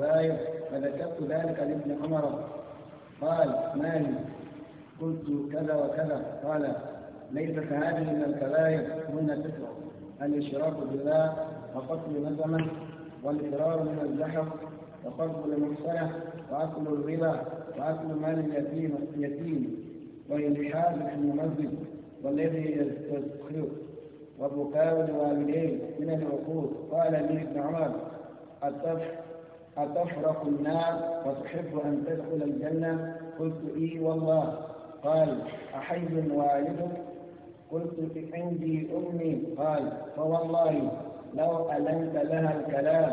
سائر فذكرت ذلك لابن عمر قال مالي قلت كذا وكذا قال ليس كهذه من الكبائر هن تسع الاشراك بالله وقتل نسمه والفرار من الزحف وقرض المحسنة وأكل الربا وأكل مال اليتيم اليتيم والإلحاد في المنزل والذي يستسخر وبكاء الوالدين من العقود قال لي ابن عمر الطفح أتفرق النار وتحب أن تدخل الجنة قلت إي والله قال أحي والدك قلت عندي أمي قال فوالله لو ألنت لها الكلام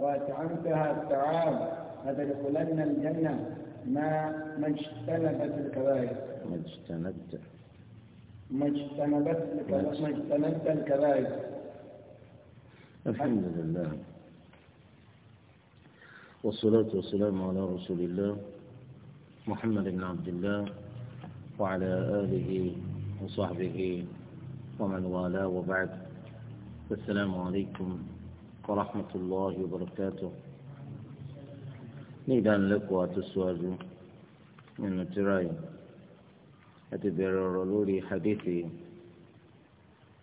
وأطعمتها الطعام لتدخلن الجنة ما ما اجتنبت الكبائر ما اجتنبت ما اجتنبت ما اجتنبت الكبائر الحمد لله والصلاة والسلام على رسول الله محمد بن عبد الله وعلى آله وصحبه ومن والاه وبعد السلام عليكم ورحمة الله وبركاته نيدا لك وتسواج من التراي أتبرر لوري حديثي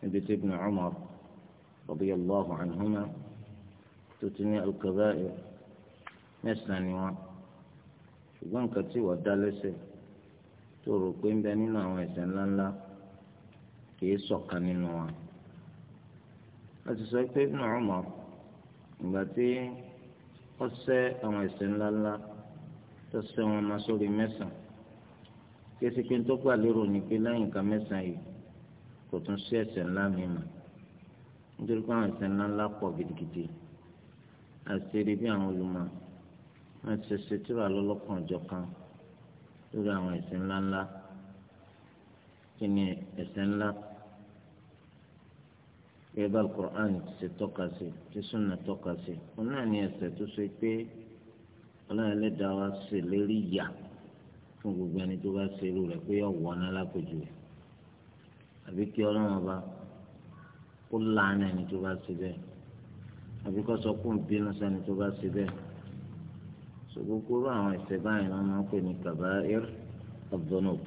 بيت ابن عمر رضي الله عنهما تتني الكبائر mẹ́sàn-án ni wọ́n ṣùgbọ́n nǹkan tí wọ́n dá lẹ́sẹ̀ tó rò pé ń bẹ nínú àwọn ẹ̀ṣẹ̀ ńláńlá kì í ṣọ̀kan nínú wọn. a ti sọ pé Ibn Umar ìgbà tí wọ́n sẹ́ àwọn ẹ̀ṣẹ̀ ńláńlá tó sẹ́ wọn máa sórí mẹ́sàn-án kí pé ń tó gbà lérò ni pé lẹ́yìn nǹkan mẹ́sàn-án yìí kò tún sí ẹ̀ṣẹ̀ ńlá mi mọ́ nítorí pé àwọn ẹ̀ṣẹ̀ ńláńlá pọ̀ gidigidi àti ṣe bí àwọn olùmọ̀ọ́ wọn ti ṣe tíra lọ́lọ́kan ọjọ́ kan lórí àwọn ẹ̀sìn ńláńlá kí ni ẹ̀sìn ńlá yẹba alukur'an ṣe tọ́ka sí tí sunna tọ́ka sí wọn náà ní ẹsẹ̀ tó ṣe pé ọlọ́run ẹlẹ́dàá wa ṣe lérí yà fún gbogbo ẹni tó bá ṣe irú rẹ̀ pé ọ̀wọ́ náà lápèjù rẹ̀ àbí kí ọlọ́run ọba kó láàánú ẹni tó bá ṣe bẹ́ẹ̀ àbí kó sọ kó ń bínú sẹ́ni tó bá ṣe bẹ́ẹ̀ sọ gbogbo àwọn ẹ̀ṣẹ̀ báyìí wọn máa ń pè ní kaba'ir ad-dhunub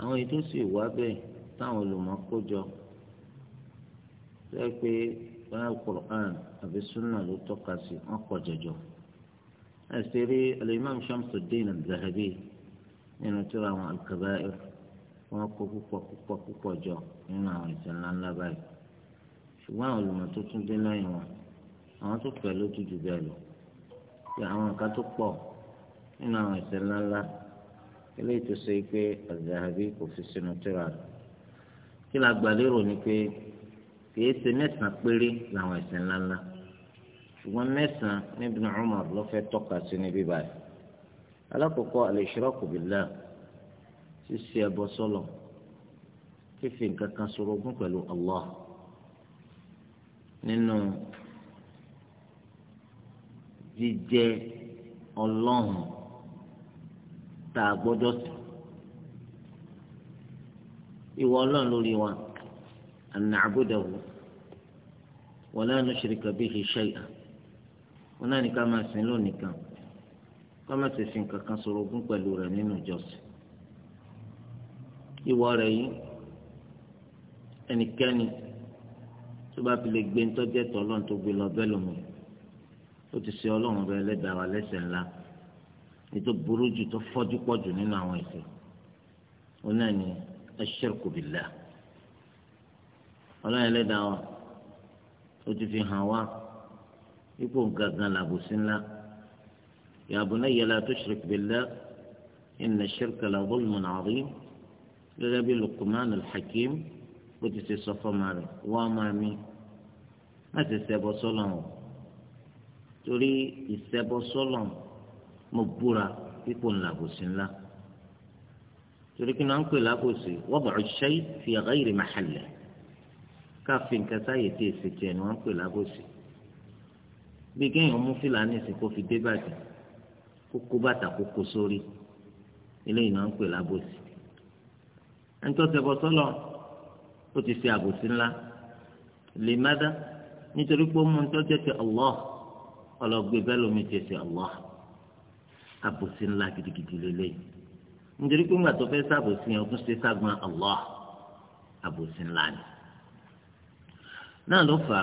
àwọn ètò sì wá bẹ́ẹ̀ táwọn olùmọ̀kójọ sọ pé báyà Qur'an àbí sunna ló tọ́ka sí wọn pọ̀ jọjọ ẹ̀sẹ̀ rí al-Imam Shamsuddin al-Zahabi nínú tíra àwọn al-kaba'ir wọn kó púpọ̀ púpọ̀ púpọ̀ jọ nínú àwọn ẹ̀ṣẹ̀ ńláńlá báyìí ṣùgbọ́n àwọn olùmọ̀ tó tún dé lẹ́yìn wọn àwọn tó pẹ̀lú tó jù bẹ́ẹ̀ lọ pé àwọn nǹkan tó pọ̀ nínú àwọn ẹ̀ṣẹ̀ ńláńlá eléyìí tó ṣe pé Az-Zahabi kò fi sínú tírà rẹ̀ kí la gbà lérò ni pé kìí ṣe mẹ́sàn-án péré làwọn ẹ̀ṣẹ̀ ńláńlá ṣùgbọ́n mẹ́sàn-án ní Ibn Umar fẹ́ tọ́ka sí níbí báyìí alákọ̀ọ́kọ́ al-ishraku billah ṣíṣe ẹbọ sọ́lọ̀ fífi nǹkan kan ṣorogún pẹ̀lú Allah nínú jíjẹ ọlọ́run tá a gbọ́dọ̀ sìn ìwọ ọlọ́run lórí wa an na'budahu wa la nushrika bihi shay'an wọn náà ní ká máa sìn lónìí kan ká máa sì sìn kankan ṣorogún pẹ̀lú rẹ̀ nínú ìjọsìn ìwọ rẹ̀ yìí ẹnikẹ́ni tó bá fi lè gbé ń tọ́jú ẹ̀tọ́ ọlọ́run tó gbé lọ bẹ́ẹ̀ lómi ó ti ṣe ọlọ́run bẹ ẹlẹ́dàá wa lẹ́sẹ̀ ńlá ètò burú jù tó fọ́jú pọ̀ jù nínú àwọn ẹ̀ṣẹ̀ òun náà ni ash-shirku billah ọlọ́run ẹlẹ́dàá wa ó ti fi hàn wá ipò gangan làbòsí ńlá ya bunayya la tushrik billah inna ash-shirka la dhulmun 'azim gẹ́gẹ́ bí Luqman al ti ṣe sọ fọ́ọ̀mà rẹ̀ wọ́n á máa mi má ti ṣẹbọ sọ́lọ́run o torí ìṣẹ́bọ sọ́lọ̀ mo búra pípò ńlá kò sí ńlá torí kí náà ń pè lákòsí wọ́n bọ̀ ṣe fi àgbá yìí máa halẹ̀ káfí nǹkan sáyè tí èsì tiẹ̀ ni wọ́n ń pè lákòsí bí kéèyàn mú fìlànà ìsìn kó fi dé bàjẹ́ kó kó bàtà kó kó sórí eléyìí náà ń pè lábòsí ẹni tó ṣẹbọ sọ́lọ̀ ó ti fi àbòsí ńlá lè má dá nítorí pé ó mú un tó jẹ́ ti Allah ọlọgbẹ bẹlómi ti ṣe Allah àbòsí ńlá gidigidi lélẹyìn nítorí pé ńgbà tó fẹ́ ṣàbòsí yẹn ọdún ṣe ságun Allah àbòsí ńlá ni náà ló fà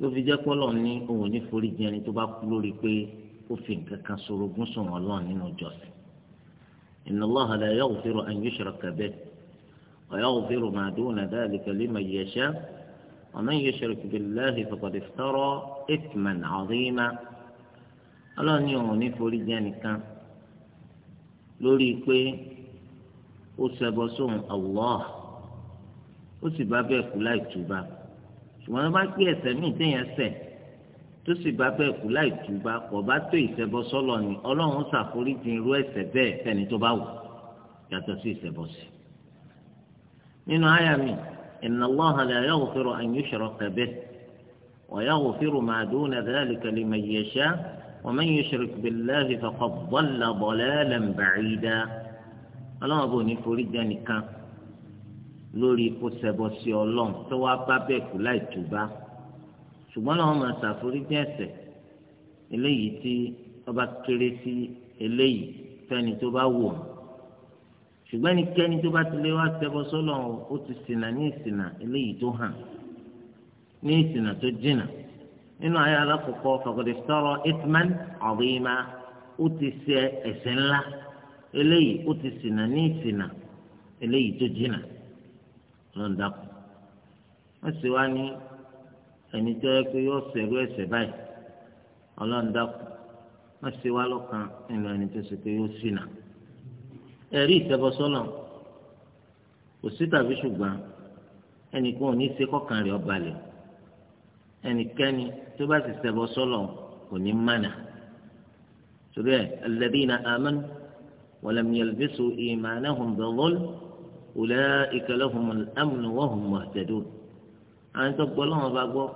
ló fi jẹ́ pọ́lọ́ ní òun ní forí jẹ ẹni tó bá kú lórí pé ó fi nǹkan kan sorogún sùn ọlọ́run nínú ìjọsìn inna Allaha la yaghfiru an yushraka bihi wa yaghfiru ma duna dhalika liman yasha' ومن يشرك بالله فقد افترى إثما عظيما الله نيوم نفوري جانكا لوري كوي وسبسون الله وسبابي كلاي توبا ṣùgbọ́n bá gbé ẹsẹ̀ míì téèyàn ṣẹ̀ tó sì bá bẹ́ẹ̀ kú láì túbá kò bá tó ìṣẹ̀bọ sọ́lọ̀ ni ọlọ́run ṣàforíjì irú ẹ̀ṣẹ̀ bẹ́ẹ̀ fẹ́ni tó bá wù yàtọ̀ sí ìṣẹ̀bọ sí. nínú àyà mi إن الله لا يغفر أن يشرك به ويغفر ما دون ذلك لمن يشاء ومن يشرك بالله فقد ضل ضلالا بعيدا ألا أظن فريدا نكا lórí ikú ṣẹbọ sí Ọlọ́run tó wá bá bẹ́ẹ̀ kú láì túbá ṣùgbọ́n làwọn máa ṣàforíjì ẹ̀ṣẹ̀ eléyìí tí ọba kéré sí eléyìí fẹ́ni tó bá wù wọn ṣùgbọ́n ẹnikẹ́ni tó bá ti lé wá ṣẹbọ sọ́lọ̀ ó ti ṣìnà ní ìṣìnà eléyìí tó hàn ní ìṣìnà tó jìnà nínú ayé alákòókò faqad iftara ithman azima ó ti ṣe ẹ̀ṣẹ̀ ńlá eléyìí ó ti ṣìnà ní ìṣìnà eléyìí tó jìnà lọ́ndà wọ́n sì wá ní ẹni tó yẹ pé yóò báyìí wọ́n sì wá ẹ̀rí ìṣẹ́bọsọ́nà kò sí tàbí ṣùgbọ́n ẹnìkan ò ní ṣe kọ́kàn rẹ̀ ọba lẹ̀ ẹnikẹ́ni tó bá sì ṣẹbọsọ́nà kò ní mánà torí ẹ̀ alladhina amanu wa lam yalbisu imanahum bi-dhulm ulaika lahumul amnu wa hum muhtadun àwọn tó gbọ́ lọ́wọ́ bá gbọ́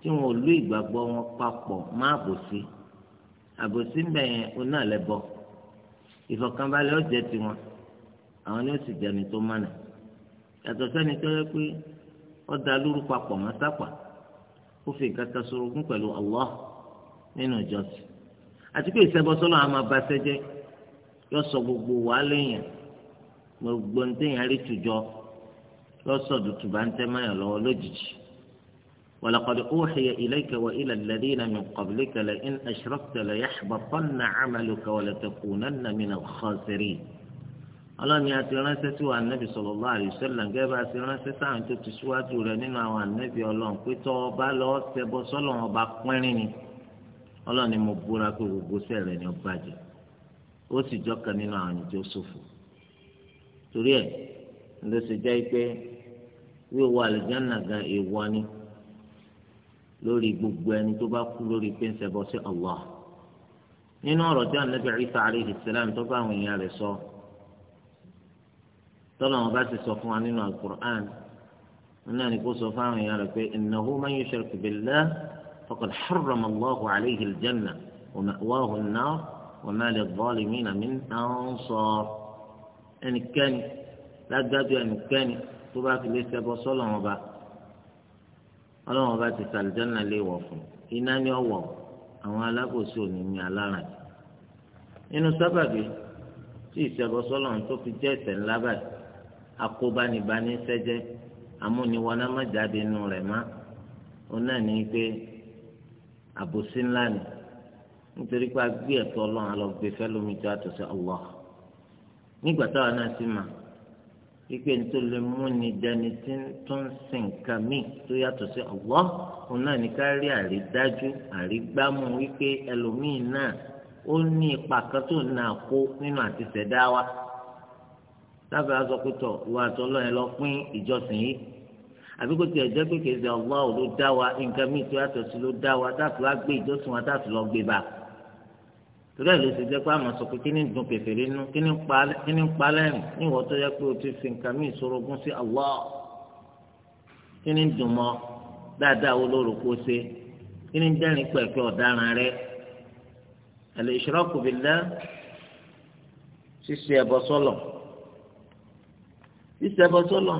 tí wọn ò lú ìgbàgbọ́ wọn papọ̀ má àbòsí àbòsí ń bẹ̀yẹn onáàlẹ́bọ̀ọ́ ìfọ̀kànbalẹ̀ ọ̀jẹ̀ tiwọn àwọn ni ó sì jẹni tó mánà yàtọ̀ sẹ́ni tó yẹ pé ọ̀dà lóru papọ̀ mọ́ sápà ó fi nǹkan kan sorogún pẹ̀lú Allah nínú ìjọsìn àti pé ìṣẹ́bọsọ́nà àwọn abasẹ́ jẹ́ sọ gbogbo wàhálà èèyàn gbogbo ní téèyàn rí tùjọ sọ bá ń tẹ́ máyà lọwọ lójijì ولقد أوحي إليك وإلى الذين من قبلك لئن أشركت ليحبطن عملك ولتكونن من الخاسرين ọlọ́run ni a ti ránṣẹ́ sí wa nẹ́bí sallallahu alaihi wasallam gẹ́gẹ́ bá a ti ránṣẹ́ sáwọn tó ti ṣíwájú rẹ̀ nínú àwọn ànẹ́bí ọlọ́run pé tọ́ ọba lọ́ọ́ ṣẹbọ sọ́lọ́run ọba pínrín ni ọlọ́run ni mo búra pé gbogbo iṣẹ́ rẹ̀ ni ó bàjẹ́ ó sì jọ́kan nínú àwọn ẹni tó ṣòfò torí ẹ̀ ló ṣe jẹ́ pé wíwọ àlùjánnà gan èèwọ̀ ni lórí gbogbo ẹni tó bá kú lórí pé ń ṣẹbọ sí Allah nínú ọ̀rọ̀ tí anabi Isa alayhi salam tó bá àwọn èèyàn rẹ̀ sọ tọ́lá wọn bá ti sọ fún wa nínú al-Qur'an nínú àná kó sọ fún àwọn èèyàn rẹ̀ pé innahu man yushrik billah faqad harrama Allahu alayhi al-janna wa ma'wahu an-nar wa ma lil-zalimina min ansar ẹnikẹ́ni lágbájú ẹnikẹ́ni tó bá fi lè ṣẹbọ sọ́lọ́ wọn bá. ọlọ́run ọba ti sàlìjọ́nà lè wọ̀ fún iná ní ọ̀wọ̀ àwọn alábòsí òní ní aláràn nínú sábàbí tí ìṣẹ̀bọsọ́lọ̀ tó fi jẹ́ ẹ̀ṣẹ̀ ńlá báyìí akóbánibání sẹ́jẹ́ amúniwọná rẹ̀ má òun náà pé àbòsí ńlá ni nítorí pé a gbé ẹ̀tọ́ ọlọ́run fẹ́ lómi tó nígbà táwa náà sì máa ipe ní tó lè mú ni dání tí tó ń sin nǹkan míì tó yàtọ̀ sí Allah òun náà ní ká rí àrídájú àrígbámú wípé ẹlòmíì náà ó ní ipa kan tó náà kó nínú àti ṣẹ̀dá wa lábẹ́ aṣọ pẹ̀tọ̀ ìwà àtọ́lọ́ yẹn lọ pín ìjọsìn yìí àbí tiẹ̀ jẹ́ pé kèsì Allah ló dá wa nǹkan míì tó yàtọ̀ sí ló dá wa táàtì wá gbé ìjọsìn wa táàtì lọ gbé bá a. torí ẹ̀ ló ṣe jẹ́ pé àmọ́ sọ pé kí ni dùn kẹfẹ́rẹ́ kí ni pa lẹ́nu tó yẹ pé o ti fi nǹkan mí ìṣorogún sí kí ni dùn mọ́ dáadáa ni dẹ́rìn pẹ̀kẹ́ ọ̀daràn rẹ ṣíṣe sọlọ ṣíṣe ẹbọ sọlọ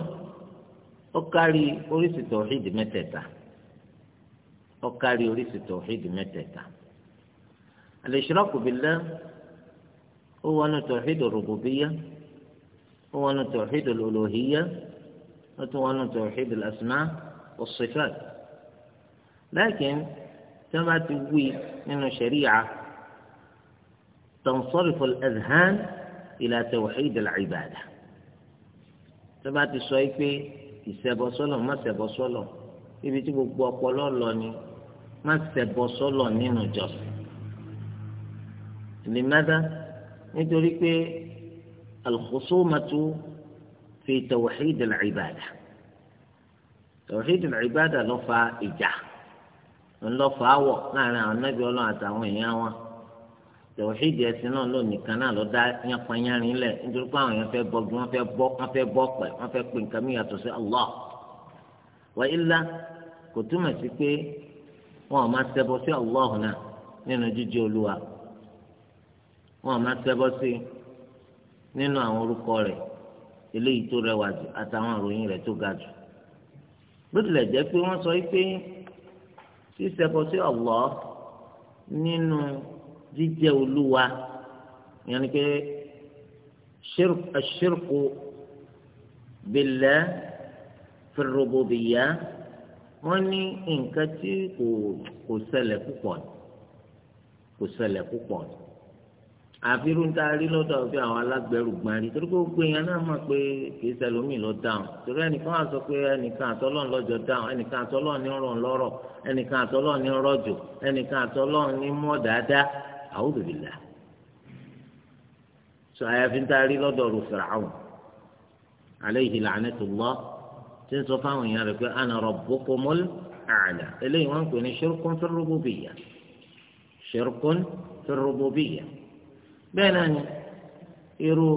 ó kárí oríṣi tọ̀hídì mẹ́tẹ̀ẹ̀ta ó kárí al-ishraku billah ó wọnú tawhid ar-rububiyyah ó wọnú tawhid al-uluhiyyah ó tún wọnú tawhid al-asma' was-sifat lakin tí wọ́n bá ti wí nínú ṣẹ̀ríyà tanṣarifu al-adhan ila tawhid al-ibadah tí wọ́n bá ti sọ yìí pé ìṣẹbọ sọ́lọ̀ má ṣẹbọ sọ́lọ̀ ibi tí gbogbo ọpọlọ lọ ni má ṣẹbọ sọ́lọ̀ nínú ìjọsìn lèmádá nítorí pé alkhusumatu fi tawhid al-ibada tawhid al-ibada ló fa ìjà ńlọ fa awọ láàrin àwọn nábì Ọlọ́run àtàwọn èèyàn wọn tawhid ẹ̀sìn náà ló nìkan náà ló dá yánpanyánrin lẹ̀ nítorí pé àwọn èèyàn fẹ́ bọgi wọn fẹ́ bọ wọn fẹ́ bọ pẹ wọn fẹ́ pe nǹkan mìíràn tó sí Allah wa illa kò túmọ̀ sí pé wọn ò máa ṣẹbọ sí Allah náà nínú jíjẹ olúwa wọn máa ṣẹbọ sí nínú àwọn orúkọ rẹ̀ eléyìí tó rẹwà jù àtàwọn ìròyìn rẹ̀ tó ga jù bó tilẹ̀ jẹ́ pé wọ́n sọ pé ṣíṣẹbọ sí Allah nínú jíjẹ́ olúwa yẹn ni pé ṣírkù billah fi rububiyyah wọ́n ní nǹkan tí kò ṣẹlẹ̀ púpọ̀ kò ṣẹlẹ̀ púpọ̀ ni àfirú ń taari lọ́dọ̀ fi àwọn alágbẹ̀rù gbọ́n rí torí gbogbo èèyàn náà mọ̀ pé kìí sẹlómi lọ dáhùn torí ẹnìkan á sọ pé ẹnìkan àtọ́lọ́ lọ́jọ́ dáhùn ẹnìkan àtọ́lọ́ ní rọ̀ lọ́rọ̀ ẹnìkan àtọ́lọ́ ní rọ̀jò ẹnìkan àtọ́lọ́ ní mọ̀ dáadáa a'udhu billah. sọ àyàfi ń taari lọ́dọ̀ rò Fir'aun alayhi la'natullah tí ń sọ fáwọn èèyàn rẹ̀ pé bẹ́ẹ̀ náà ni irú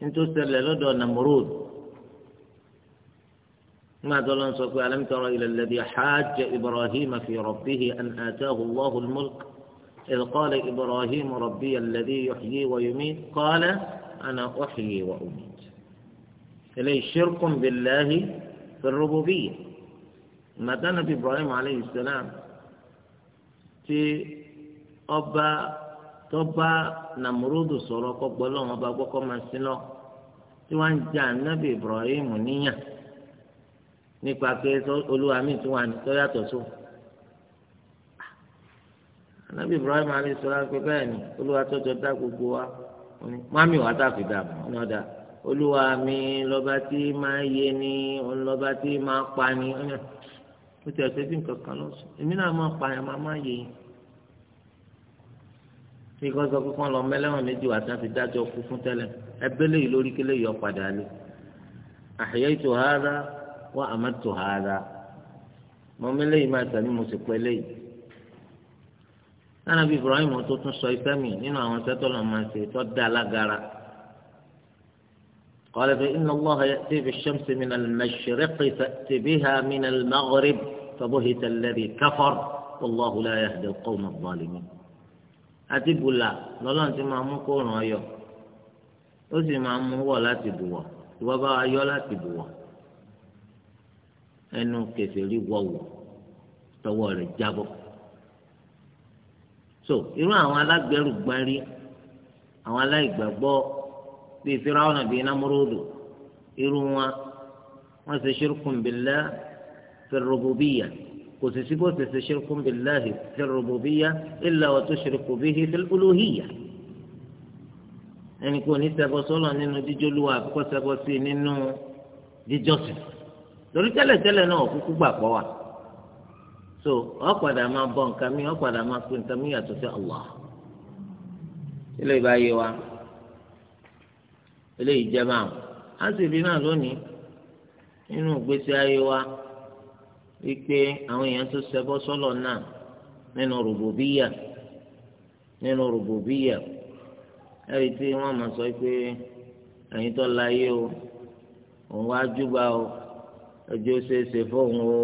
nítòsílẹ̀ lọ́dọ̀ namurud ما دل صوت ألم تر إلى الذي حاج إبراهيم في ربه أن آتاه الله الملك إذ قال إبراهيم ربي الذي يحيي ويميت قال أنا أحيي وأميت إليه شرك بالله في الربوبية ما دام إبراهيم عليه السلام في أبا tọ́ba nàmúrúdù sọ̀rọ̀ kọ́gbọ́ lọ́wọ́n bá gbọ́kọ́ máa sí lọ tí wọ́n ń jẹ́ Ibrahim níyàn nípa pé olúwa mi tún wà tó yàtọ̀ sóun. ànábì Ibrahim alayhi salaam pé bẹ́ẹ̀ ni olúwa tọ́jọ́ dá gbogbo wa mami wàá tàfi dà mọ́ ọ̀nà ọ̀dà olúwa mi lọ́ba tí máa yé ni lọ́ba tí máa pa ni ó tẹ̀ ṣe bí nǹkan kan lọ́sùn èmi náà máa pa yẹn máa máa yé yẹn. tí kò sọ pé kán lọ mẹ́lẹ́wọ̀n méjì wà tán fi dájọ́ kú fún tẹ́lẹ̀ ẹgbẹ́ lè lórí kí lè yọ padà lé tó ahyaytu hadha wa ha ra mọ mẹlẹ́ yìí máa tẹ̀lé mo sì pẹ́ léyìí. Ànábì Ibrahim tó tún sọ ife mi nínú àwọn sẹ́tọ́ tó máa ṣe tó dá alágara kọ́lẹ́ fi قال فإن الله يأتي بالشمس من المشرق فأت بها من المغرب فبهت الذي كفر والله لا يهدي القوم الظالمين àti bùlà lọ́lọ́run ti máa mú kó ràn ọ́ yọ ó sì máa mú wọ̀ láti bùwọ̀ ìwọ bá wa yọ láti bùwọ̀ ẹnu kẹfẹ́rí wọ̀wọ̀ tọwọ́ rẹ̀ jábọ̀ so irú àwọn alágbẹ̀rù gbárí àwọn aláìgbàgbọ́ bíi firawuna bíi namurudu irú wọn wọn ṣe ṣirkun billah fi rububiyyah kò sì sí bó ṣe ṣe ṣirkun billahi fi rububiyyah illa wa tushriku bihi fil uluhiyyah ẹnì kò ní ṣẹbọ sọ́lọ̀ nínú jíjọ́lúwa àbíkọ́ ṣẹbọ sí nínú jíjọ́sìn lórí tẹ́lẹ̀tẹ́lẹ̀ náà kúkú gbàgbọ́ wa so ọ padà máa bọ nǹkan mi ọ padà máa pe nǹkan mi yàtọ̀ sí Allah ilé ìbáyé wa ilé ìjẹba à ń sì rí náà lónìí nínú ìgbésí ayé wa wípé àwọn èèyàn tó ṣẹbọ sọ́lọ̀ náà nínú rògbòbíyà nínú rògbòbíyà ẹ̀rí tí wọ́n máa sọ pé ẹ̀yin tó láyé o òun wá júbà o ẹjọ́ ó fóun o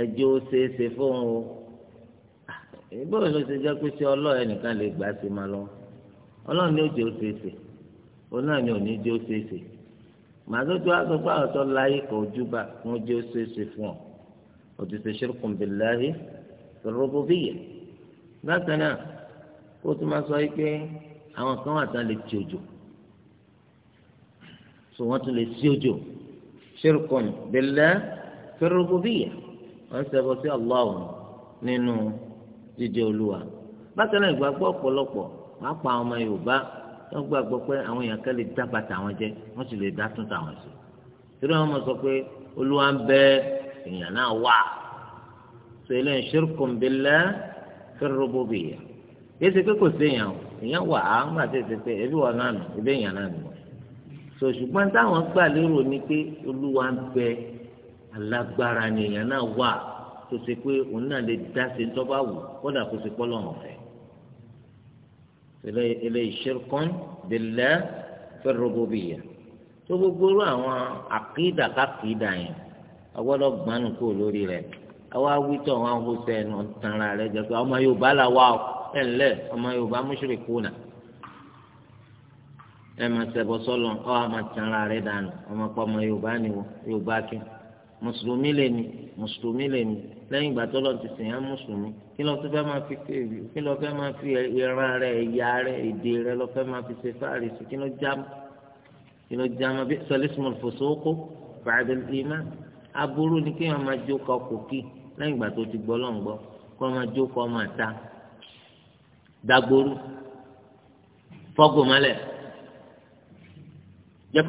ẹjọ́ ó ṣeé ṣe fóun o ìbọ̀wé ló ṣe jẹ́ pé ṣé ọlọ́ọ̀ ẹnìkan lè gbà sí ma lọ ọlọ́ọ̀ ni ó jẹ́ òun náà ní jẹ́ ó ṣeé màdójú àgbẹ̀pọ̀ àwọn tó láyé kò júbà wọn jẹ́ oṣooṣe fún ọ òtún ṣe ṣírkùn bìláyé rọ́bù bíyẹ bákan náà ó tún máa sọ pé àwọn kan wà tán lè ti òjò so wọ́n tún lè sí òjò ṣírkùn bìláyé rọ́bù bíyẹ wọ́n ń sí Allah nínú jíjẹ olúwa bákan náà ìgbàgbọ́ ọ̀pọ̀lọpọ̀ pàápàá ọmọ Yorùbá wọ́n gbàgbọ́ pé àwọn èèyàn kan lè dábàá tàwọn jẹ́ wọ́n sì lè dá tún tàwọn sí torí wọ́n mọ̀ sọ pé olúwa ń bẹ èèyàn náà wà sọ eléyìí ṣírkùn bílẹ̀ fẹ́rẹ́rọ́bù bìyà yé ṣe pé kò sí èèyàn o èèyàn wà á ń gbà tètè pé ebi wà náà nù ebi èèyàn náà nù sọ ṣùgbọ́n táwọn gbà lérò ni pé olúwa ń bẹ alágbára ni èèyàn náà wà tó ṣe pé òun náà lè dá ṣe tó bá wù kódà kó ṣe pọ́ lọ́wọ́ fẹ́ẹ́ eléyìí ṣirkun billah fi rububiyyah tó gbogbo rú àwọn àkìdá kàkìdá yẹn agbọ́dọ̀ gbanu kó lórí rẹ̀ àwa wí tó àwọn ahosẹ ẹnu tanra rẹ̀ jẹ́ pé ọmọ Yorùbá là wà ó ẹ ǹlẹ́ ọmọ Yorùbá mushrikuna ẹ máa ṣẹbọ sọlọ ọ àmà tanra rẹ̀ dànù ọmọ pọ ọmọ Yorùbá ni wọ Yorùbá kí mùsùlùmí lèmi mùsùlùmí lèmi lẹ́yìn ìgbà tó lọ ti sìn án mùsùlùmí kí lọ fẹ́ máa fi kí lọ fẹ́ máa fi ìran rẹ ẹ̀yà rẹ èdè rẹ lọ fẹ́ máa fi ṣe fáàrí sí kí lọ já kí lọ já máa bí sọlísìmọ̀ fòsókó bàdé ìmá aburú ni kí wọ́n máa jó kọ kòkì lẹ́yìn ìgbà tó ti gbọ́ lọ́n gbọ́ kí wọ́n máa jó kọ máa ta dagboru fọ́gùn mọ́lẹ̀ jẹ́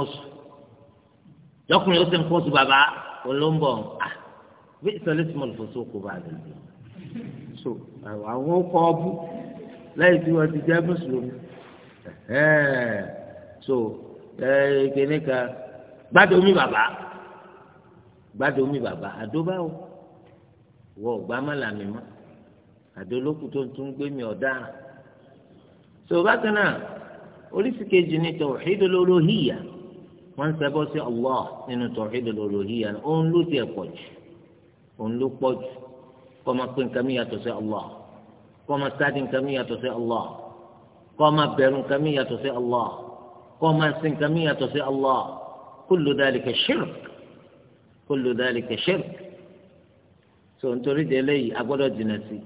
ó lọkùnrin ó sì ń kó oṣù bàbá olóńbọ ah bí ìsọlẹ tí mo lè fọṣọ kó bá rẹ lọ so àwọn ó kọ ọbú lẹ́yìn tí wọn ti jẹ mùsùlùmí so kìnní kan gbádùn mi bàbá gbádùn mi bàbá àdóbá wọ ọgbà má làmì mọ àdólókù tó ń tún gbé mi ọ̀daràn so bákan náà oríṣi kejì ni tawhidul uluhiyya wọ́n ń ṣẹbọ sí Allah nínú tawhidul uluhiyyah òun ló tiẹ̀ pọ̀ jù òun ló pọ̀ jù kọ́ máa pín nǹkan mi yàtọ̀ sí Allah kọ́ máa sáàdì nǹkan mi yàtọ̀ sí Allah kọ́ máa bẹ̀rù nǹkan mi yàtọ̀ sí Allah kọ́ máa sin nǹkan mi yàtọ̀ sí Allah kullu dhalika shirk kullu dhalika shirk so nítorí délé yìí agbọ́dọ̀ jìnnà sí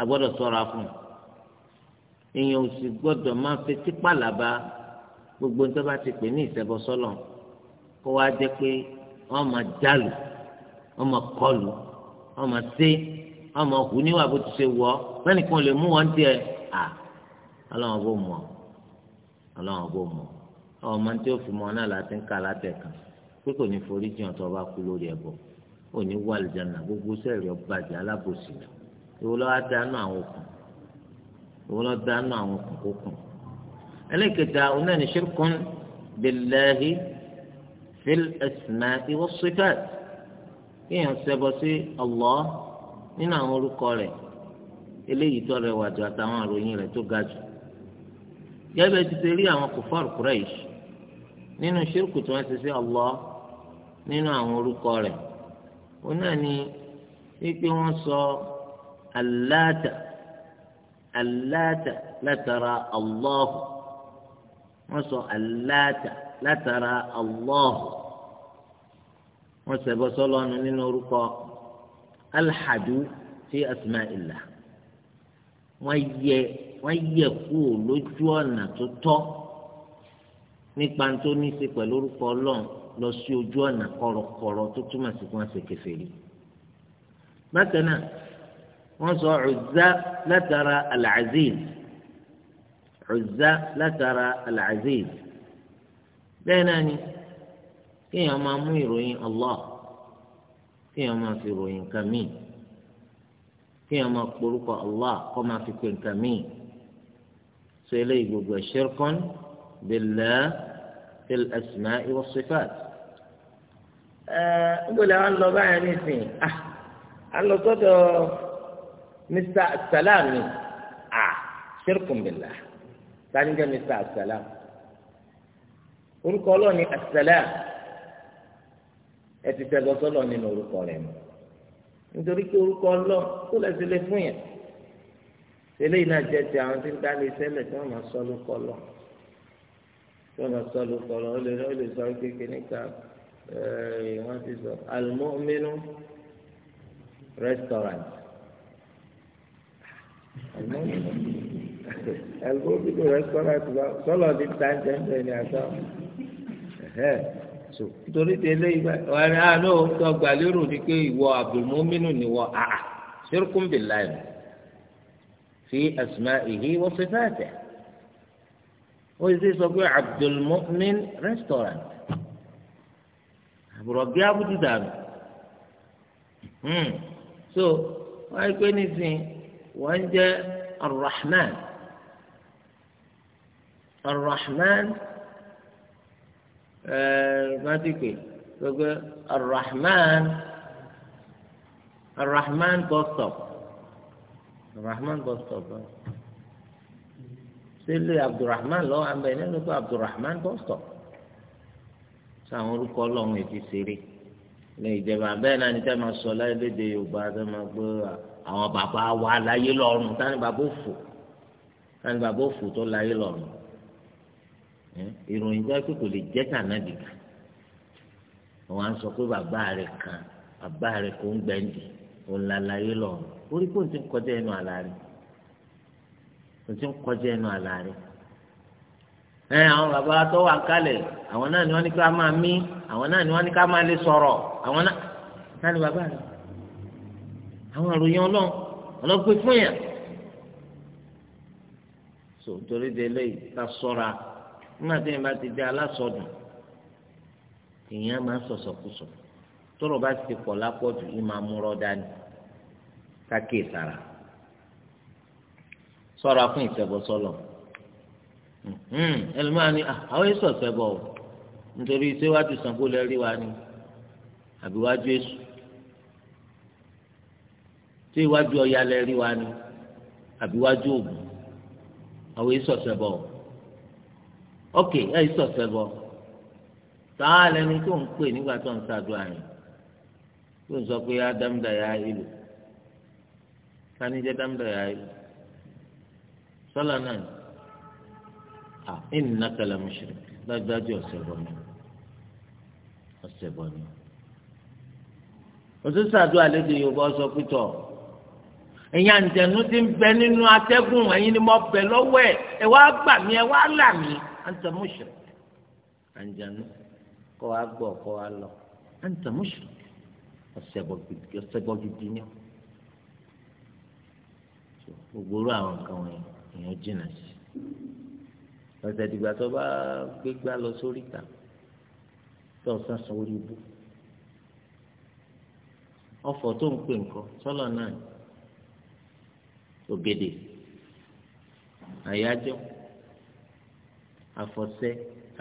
agbọ́dọ̀ ṣọ́ra fún èèyàn ò sì gbọ́dọ̀ máa fetí pàlàbà gbogbo ní tó bá ti pè ní ìṣẹbọ sọlọ kó wá jẹ pé wọn máa jálù wọn máa kọlù wọn máa sé wọn máa hù níwà bó ti ṣe wọ lẹ́nu kan lè mú wọn tiẹ̀ à ọlọ́run bó mọ̀ ọlọ́run bó mọ̀ ọmọ tí ó fi mọ náà láti ń kà látẹ̀kàn pé kò ní forí jìn ọ̀tọ̀ bá kú lórí ẹ̀bọ ò ní wà lìjànà gbogbo sẹ́ẹ̀rì ọgbàjẹ́ alábòsí ìwọ lọ́wọ́ àwọn òkun ìwọ lọ́wọ́ àwọn òkun kókùn ẹlẹ́kẹta ọ̀nà ni ṣirkun billahi fil asma'i was sifat kéèyàn ṣẹbọ sí Allah nínú àwọn orúkọ rẹ̀ eléyìí tó rẹwà jù àtàwọn àròyìn rẹ̀ tó ga jù gẹ́gẹ́ ti ṣe rí àwọn kufar Quraysh nínú ṣírkù tí wọ́n ti sí Allah nínú àwọn orúkọ rẹ̀ ó ni wípé wọ́n sọ aláàtà aláàtà látara Allahu wọ́n sọ aláàtà látara allah wọ́n sẹbọ sọlọnu nínú orúkọ alhadu fi asma illah wọ́n yẹ wọ́n yẹ kú lójú ọ̀nà tó tọ́ nípa tó ní í ṣe pẹ̀lú orúkọ ọlọ́run lọ sí ojú ọ̀nà kọ̀rọ̀kọ̀rọ̀ tó túmọ̀ sí wọn ṣe kèfèrí. bákan náà wọ́n sọ ọ̀zá látara al عزة لترى العزيز بيناني كي يوم يروين الله كي يوم يروين كمي كي يوم الله كما في كل كمين سيلي بقى شرك بالله في الأسماء والصفات أقول آه، أن الله بعني فيه آه، أن الله مستأ السلام آه شرك بالله tani jẹ́ mr asalam orúkọ ọlọ́ọ̀ni asalam ẹ ti tẹ́gbọ́ sọ́lọ̀ nínú orúkọ rẹ̀ mọ́ nítorí pé orúkọ ọlọ́ọ̀ kó lẹ́sẹ̀ lé fún yẹn tẹ́lẹ̀ iná jẹ́ ti àwọn tí ń dá lé sẹ́lẹ̀ tí wọ́n máa sọ lórúkọ ọlọ́ọ̀ tí wọ́n máa sọ lórúkọ ọlọ́ọ̀ ó lè ó lè sọ kékeré níta eh, wọ́n ti sọ alimọ́mínú restaurant alimọ́mínú ẹlòmídò rẹ́sítọ́rẹ́tì wa sọ́lọ́ ti ta jẹ́ńdẹ̀ ní àtọ́ so nítorí ti eléyìí wà ní àná ah, tó gbà lérò ni pé ìwọ àbùmọ́mínú ni wọ́n a ṣírkùn bì láì fi àsìmá ìhí wọ́n fi fẹ́ tẹ̀ ó sì sọ pé abdulmumin restaurant àbùrọ̀bí abudu dànù hmm, so wọ́n á pé nísìnyí wọ́n jẹ́ arrahman arahman ẹ̀ẹ́ má ti pè gbogbo arahman arahman bọ́sọ̀p arahman bọ́sọ̀p sílẹ̀ abdulrahman lọ́wọ́ àmbẹ̀ nínú pé abdulrahman bọ́sọ̀p sáwọn orúkọ ọlọ́run èti ṣeré ní ìjẹba bẹ́ẹ̀ náà ní tẹ́lẹ̀ sọ láìlédè yorùbá tó máa gbé àwọn bàbá wa láyé lọ́rùn tani bàbá òfò tani bàbá òfò tó láyé lọ́rùn ìròyìn jẹ́ pé kò lè jẹ́ tànàbì kan wọn á sọ pé bàbá rẹ̀ kan bàbá rẹ̀ kò ń gbẹ̀ǹdì òun làlàyé lọ́rùn orí kò tí ń kọjá ẹnu àlá rẹ̀ kò tí ń kọjá ẹnu àlá rẹ̀ ẹ àwọn bàbá tó wà kálẹ̀ àwọn náà ni wọ́n ní ká máa mí àwọn náà ni wọ́n ní ká máa lè sọ̀rọ̀ àwọn náà náà bàbá rẹ̀ àwọn àròyìn ọlọ́run ọlọ́gbẹ́ fún yà sọ torí de lẹ́yìn ká sọ́ra. nígbà tí èèyàn bá ti di alásọdùn èèyàn máa ń sọ̀sọ̀kùsọ̀ tọrọ bá ti pọ̀ lápọ̀jù yìí máa múrọ́ dání kákìí sára sọra fún ìṣẹ̀bọ̀sọ̀lọ̀ ẹlòmíràn ni àwọn èso ọ̀sẹ̀bọ̀ o nítorí síwájú Ṣàngó lẹ́rí wa ni èṣù tí Ọya wa ni àwọn sọ o. ok ẹ yìí sọ̀sẹ̀ bọ̀ sáà lẹni tó ń pè nígbà tó ń ṣàdúrà yẹn tó ń sọ pé ádámdà yà ìlú sanijẹ́ dámdà yà ìlú sọ́là náà à innaka la mushrik dájúdájú ọ̀sẹ̀ bọ̀ ni ọ̀sẹ̀ bọ̀ ni òtún ṣàdúrà lédè Yorùbá sọ pé tọ̀ ẹ̀yin àǹtẹ̀nu ti ń bẹ nínú atẹ́gùn ẹ̀yin ni mo bẹ̀ lọ́wọ́ ẹ̀ ẹ̀ wá gbà mí ẹ̀ wá là mí anta mushrik àǹjànú kọ́ wa gbọ́ kọ́ wa lọ anta mushrik ọ̀sẹ̀bọ̀ gidi ni gbogbo orú àwọn nǹkan wọ̀nyí èèyàn jìnnà sí ọ̀sẹ̀ dìgbà tó bá gbégbá lọ sórí ìta tó ọ̀sán san orí ibú ọ̀fọ̀ tó ń pè nǹkan sọ́lọ̀ náà ògèdè àyájọ́ àfọ̀ṣẹ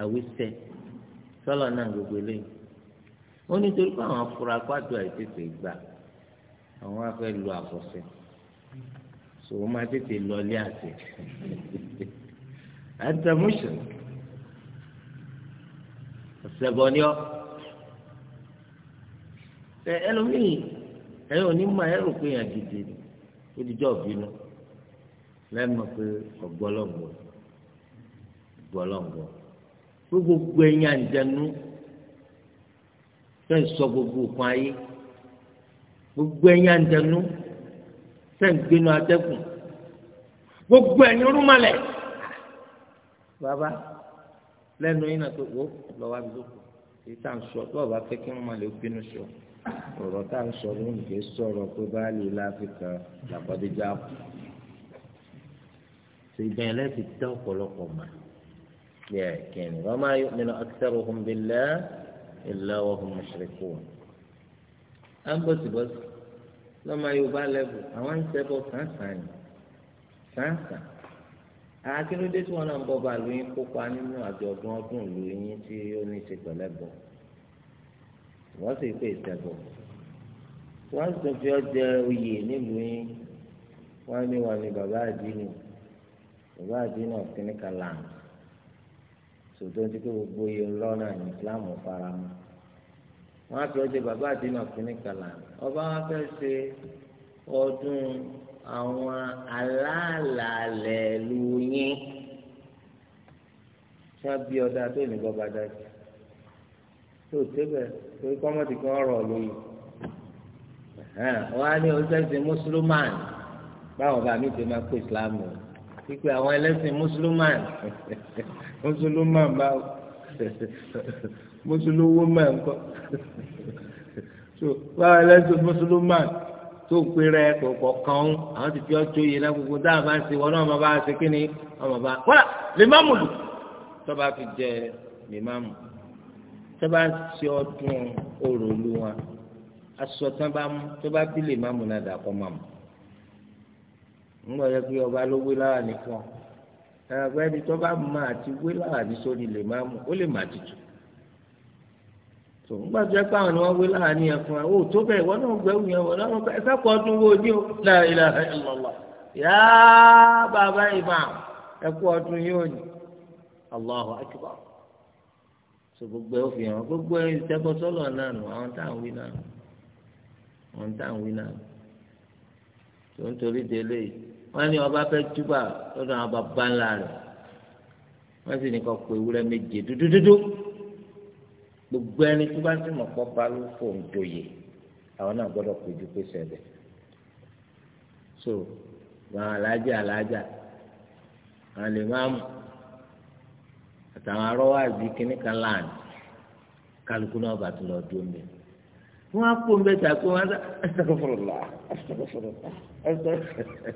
àwíṣẹ sọlọ náà gbogbo eléyìí ó ní torí pé àwọn afurasí àdúrà yìí tètè gbà àwọn afẹ́ lu àfọ̀ṣẹ sòwò máa tètè lọlé àṣẹ àtẹmúṣẹ ọ̀sẹ̀bọ̀niọ́ ẹ ẹlòmíì ẹ ò ní mọ ẹ rò pé yàn gidi ó di jọ́ bínú lẹ́nu pé ọ̀gbọ́lọ́gbọ́ gbọlọgbọ gbogbo ẹ̀yin àǹjẹnu fẹẹ sọ gbogbo òkun ayé gbogbo ẹ̀yin àǹjẹnu fẹẹ gbénu atẹ́kùn gbogbo ẹ̀yin rúmọlẹ̀ bàbá lẹ́nu yín náà tó wò lọ́wọ́ àbíkú èyí tá à ń sọ tó ọba fẹ́ kí rúmọlẹ̀ ó bínú sọ ọ̀rọ̀ tá à ń sọ lóhùn kì í sọ̀rọ̀ pé báàlì ilẹ̀ áfíríkà làbọ̀dé já kù ṣègbè ẹ̀ lẹ́sìn tẹ́ ọ̀pọ̀lọpọ̀ mọ́. يعني وما يؤمن أكثرهم بالله إلا وهم مشركون أم بس بس لما يبالغ أوان سبب سانسان سانسان akínúdé tí wọn náà ń bọ bá lu yín kópa nínú àjọ̀dún ọdún ìlú yín tí ó ní í ṣe pẹ̀lẹ́bọ wọ́n sì pè ìṣẹ̀bọ̀ wọ́n sì fi ọjẹ oyè nílùú yín wọ́n ní wọn ní bàbá àdínù bàbá àdínù ọ̀kíníkà láǹtì sòtò ti pé gbogbo iye ńlọ náà ní ìsìláàmù fara mu wọn á fi ọjọ́ bàbá àdínà kínní kàlà ọba wọn fẹẹ ṣe ọdún àwọn aláàlàlẹ lu yín tí wọn bí ọdá tó ní bọba dájú tó tẹbẹ torí kọ́mọ́tì kan ọ̀rọ̀ lóye wọn á ní oṣù mùsùlùmáà báwọn bá mi ti máa kó ìsìláàmù pípé àwọn ẹlẹ́sìn mùsùlùmán mùsùlùmán bá mùsùlùmán kọ́ so báwọn ẹlẹ́sìn mùsùlùmán tó pé rẹ kọ̀ọ̀kọ̀ kan àwọn ti fi ọjọ́ yìí lágbègbè tá a bá ń ṣe wọn náà máa bá a ṣe kí ni ọmọ bá wọ́n lè má mú lù tọ́ba fi jẹ lè má mú tọ́ba ṣe ọdún òròlù wọn aṣọ tán bá mú tọ́ba bí lè má mú náà dà kọ́ má mú ńgbọ yẹ pé ọba ló wé láwà ní fún ọ ẹgbẹ ẹni tó bá mọ àti wé láwà ní sórí lè má mú ó lè má tutù tó ńgbà tó yẹ pé àwọn ni wọn wé láwà ní yẹn fún ẹ ó tó bẹ́ẹ̀ wọn náà gbẹ òun yẹn wọn náà ẹ sákòó ọdún wo ni ó la ilaha illallah yá bàbá imam ẹ ọdún yóò ní allahu akbar so gbogbo ẹ fi hàn gbogbo ẹ ìtẹkọsọlọ náà nù àwọn táwọn wí náà àwọn táwọn wọ́n ní ọba fẹ́ túbà lọ́dọ̀ àwọn bàbá ńlá rẹ̀ wọ́n sì ní kọ́ pé ewúrẹ́ méje dúdúdúdú gbogbo ẹni tó bá sì mọ̀ pọ́ bá ló fò ń doyè àwọn náà gbọ́dọ̀ péjú pé sẹ́bẹ̀ so àwọn alájà alájà àwọn lè máa mú àtàwọn arọ́wọ́ àbí kíníkan láàánú kálukú náà bàtú lọ dúró mẹ́rin wọn á kó nbẹ tà kó wọn á astaghfirullah astaghfirullah astaghfirullah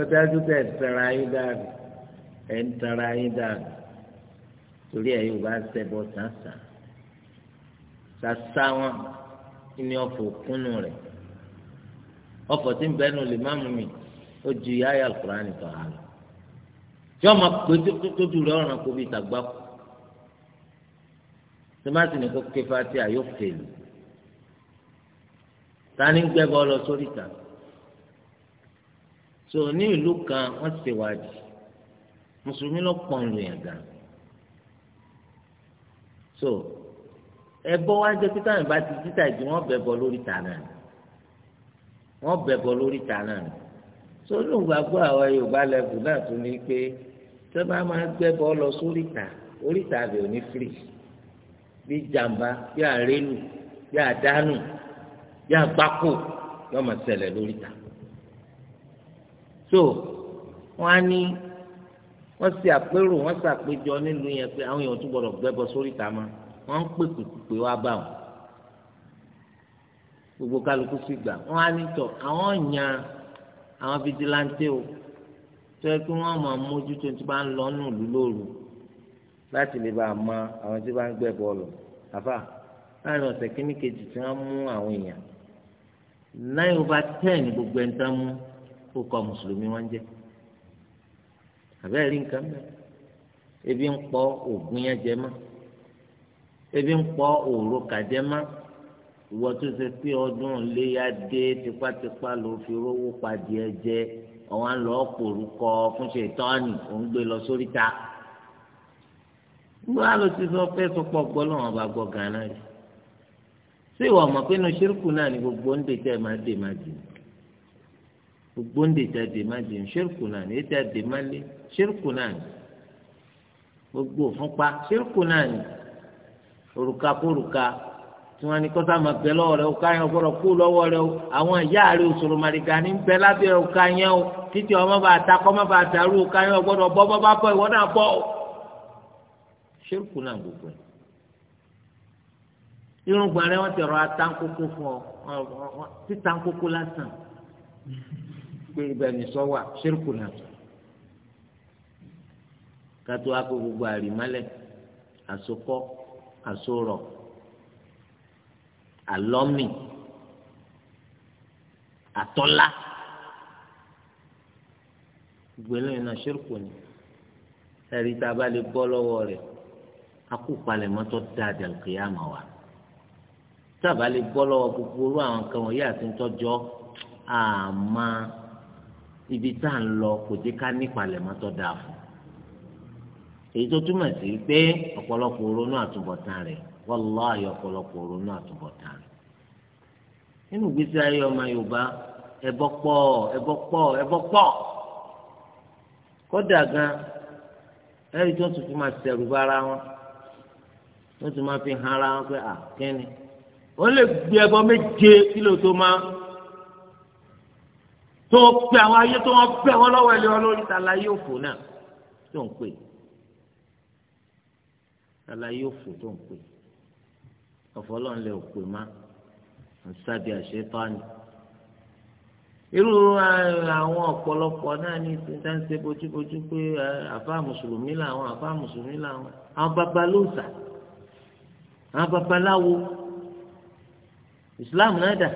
ọtá tuntun ẹ tẹ̀ra yín dànù ẹ ń tẹ̀ra yín dànù torí ẹ yóò bá sẹ́bọ̀ sàǹsàn sàṣà wọn ní ọ̀fọ̀ kúnnù rẹ̀ ọ̀fọ̀ tí ń bẹ́nu lè má mú mi ó ju ìyá ayé Al-Qur'ani nìkan á lọ tí ọmọ pé tó dùn rẹ ọ̀ràn kó bí ìtàgbà kù tí má sì ní kó ké fati àyò fèlè tani ń gbẹ bọ́ lọ sórí ìta so ní ìlú kan wọ́n ti wádìí mùsùlùmí lọ pọ̀n lu yàn gan so ẹbọ wa jẹ pété àwọn ìbá ti títà jù wọ́n bẹ bọ lórí ìta náà wọ́n bẹ bọ lórí ìta náà so olùgbàgbọ́ àwọn Yorùbá lẹ́bù náà tún ní pé tẹ́ bá máa gbẹ bọ lọ sórí ìta orí ìta bẹ̀ ò ní firi bí jàmbá bí àrélu bí àdánù bí àgbákò yóò máa ṣẹlẹ̀ lórí ta so wọn á ní wọn ṣe àpérò wọn ṣàpéjọ nílùú yẹn pé àwọn èèyàn tún gbọ́dọ̀ gbẹbọ sórí ta ma wọn ń pè pèpè wá bá wọn gbogbo kálukú sì gbà wọn á ní tọ àwọn yàn àwọn fìdíláńtẹ o tó yẹ kí wọn máa mójútó tí bá ń lọ nù lù lóru láti lè bá a mọ àwọn tí bá ń gbẹbọ lọ àfà láàrin ọ̀sẹ̀ kíní kejì tí wọ́n mú àwọn èèyàn nine over ten gbogbo ẹ̀ ń tán mú ó kọ mùsùlùmí wọn jẹ àbẹ́rẹ́ rí nǹkan mẹ́rin ebi ń pọ ògùn yẹn jẹ mọ́ ebi ń pọ òru kàjẹ mọ́ ìwọ tó ṣe pé ọdún léyà dé tipátipá ló fi rówó padì ẹ jẹ àwọn à ń pòrúkọ fún ṣètọ́ọ̀nì ò ń gbé lọ sórí gbọ́dọ̀ ti sọ fẹ́ sọpọ̀ gbọ́ lọ́wọ́n bá gbọ́ gánà rí ṣé ìwà ọmọ pé inú ṣírkù náà ni gbogbo ń dè tẹ́ máa dè máa jìn gbogbo ń dè tẹ́ dè máa jìn ṣírkù náà ni ètò àdè máa lé ṣírkù náà ni gbogbo òfúnpa ṣírkù náà ni òrùka kórùka tí wọn ní kọsá máa bẹ lọ́wọ́ rẹ ọkà yẹn ọgbọdọ kú lọ́wọ́ rẹ o àwọn ìyá rẹ òṣòro màdìgà ní bẹ lábẹ́ ọkà yẹn o títí ọmọ bá ta kọ ọmọ bá dàrú ọkà yẹn ọgbọdọ bọ bọ bá bọ ìwọ náà bọ o ṣírkù náà gbogbo ẹ irùngbọ̀n rẹ wọ́n ti rọ atankoko fún ọ títankoko lásán pé ìbẹ̀ni sọ́wà ṣírkù náà kátó akó gbogbo àrímálẹ̀ àsokọ́ àsorọ̀ àlọ́mì àtọ́lá gbogbo eléyìí náà ṣírkù ni ẹ̀rí tá a bá lè bọ́ lọ́wọ́ rẹ̀ akópalẹ̀ mọ́tò dáadáa kìí àmà wa. sábà lè gbọ́ lọ́wọ́ gbogbo àwọn nǹkan wọ̀nyí àti ńtọ́jọ́ ibi tá à ń lọ kò dé ká nípalẹ̀ mọ́tọ́ dáa fún èyí tó túmọ̀ sí pé ọ̀pọ̀lọpọ̀ ronú àtúbọ̀tán rẹ̀ wọ́láhì ọ̀pọ̀lọpọ̀ ronú àtúbọ̀tán rẹ̀ nínú ìgbésí ayé ọmọ Yorùbá ẹbọ pọ̀ ẹbọ pọ̀ ẹbọ pọ̀ kódà gan ẹ̀rí tó tún fi máa bá fi hàn ara wọn pé wọ́n lè gbé ẹbọ méje kílò tó máa tó pẹ àwọn ayé tó wọ́n pẹ wọ́n lọ́wọ́ ẹlẹ ọlọrin tala yóò fò náà tó ń pè tala yóò fò tó ń pè ọfọlọ́n lè ò pè má ń sábì àṣetọ́ni irú àwọn ọ̀pọ̀lọpọ̀ náà ní ìtẹ́ńtẹ́ bójúbójú pé àfa mùsùlùmí làwọn àfa mùsùlùmí làwọn àwọn babalóòsà àwọn babaláwo islam náà dà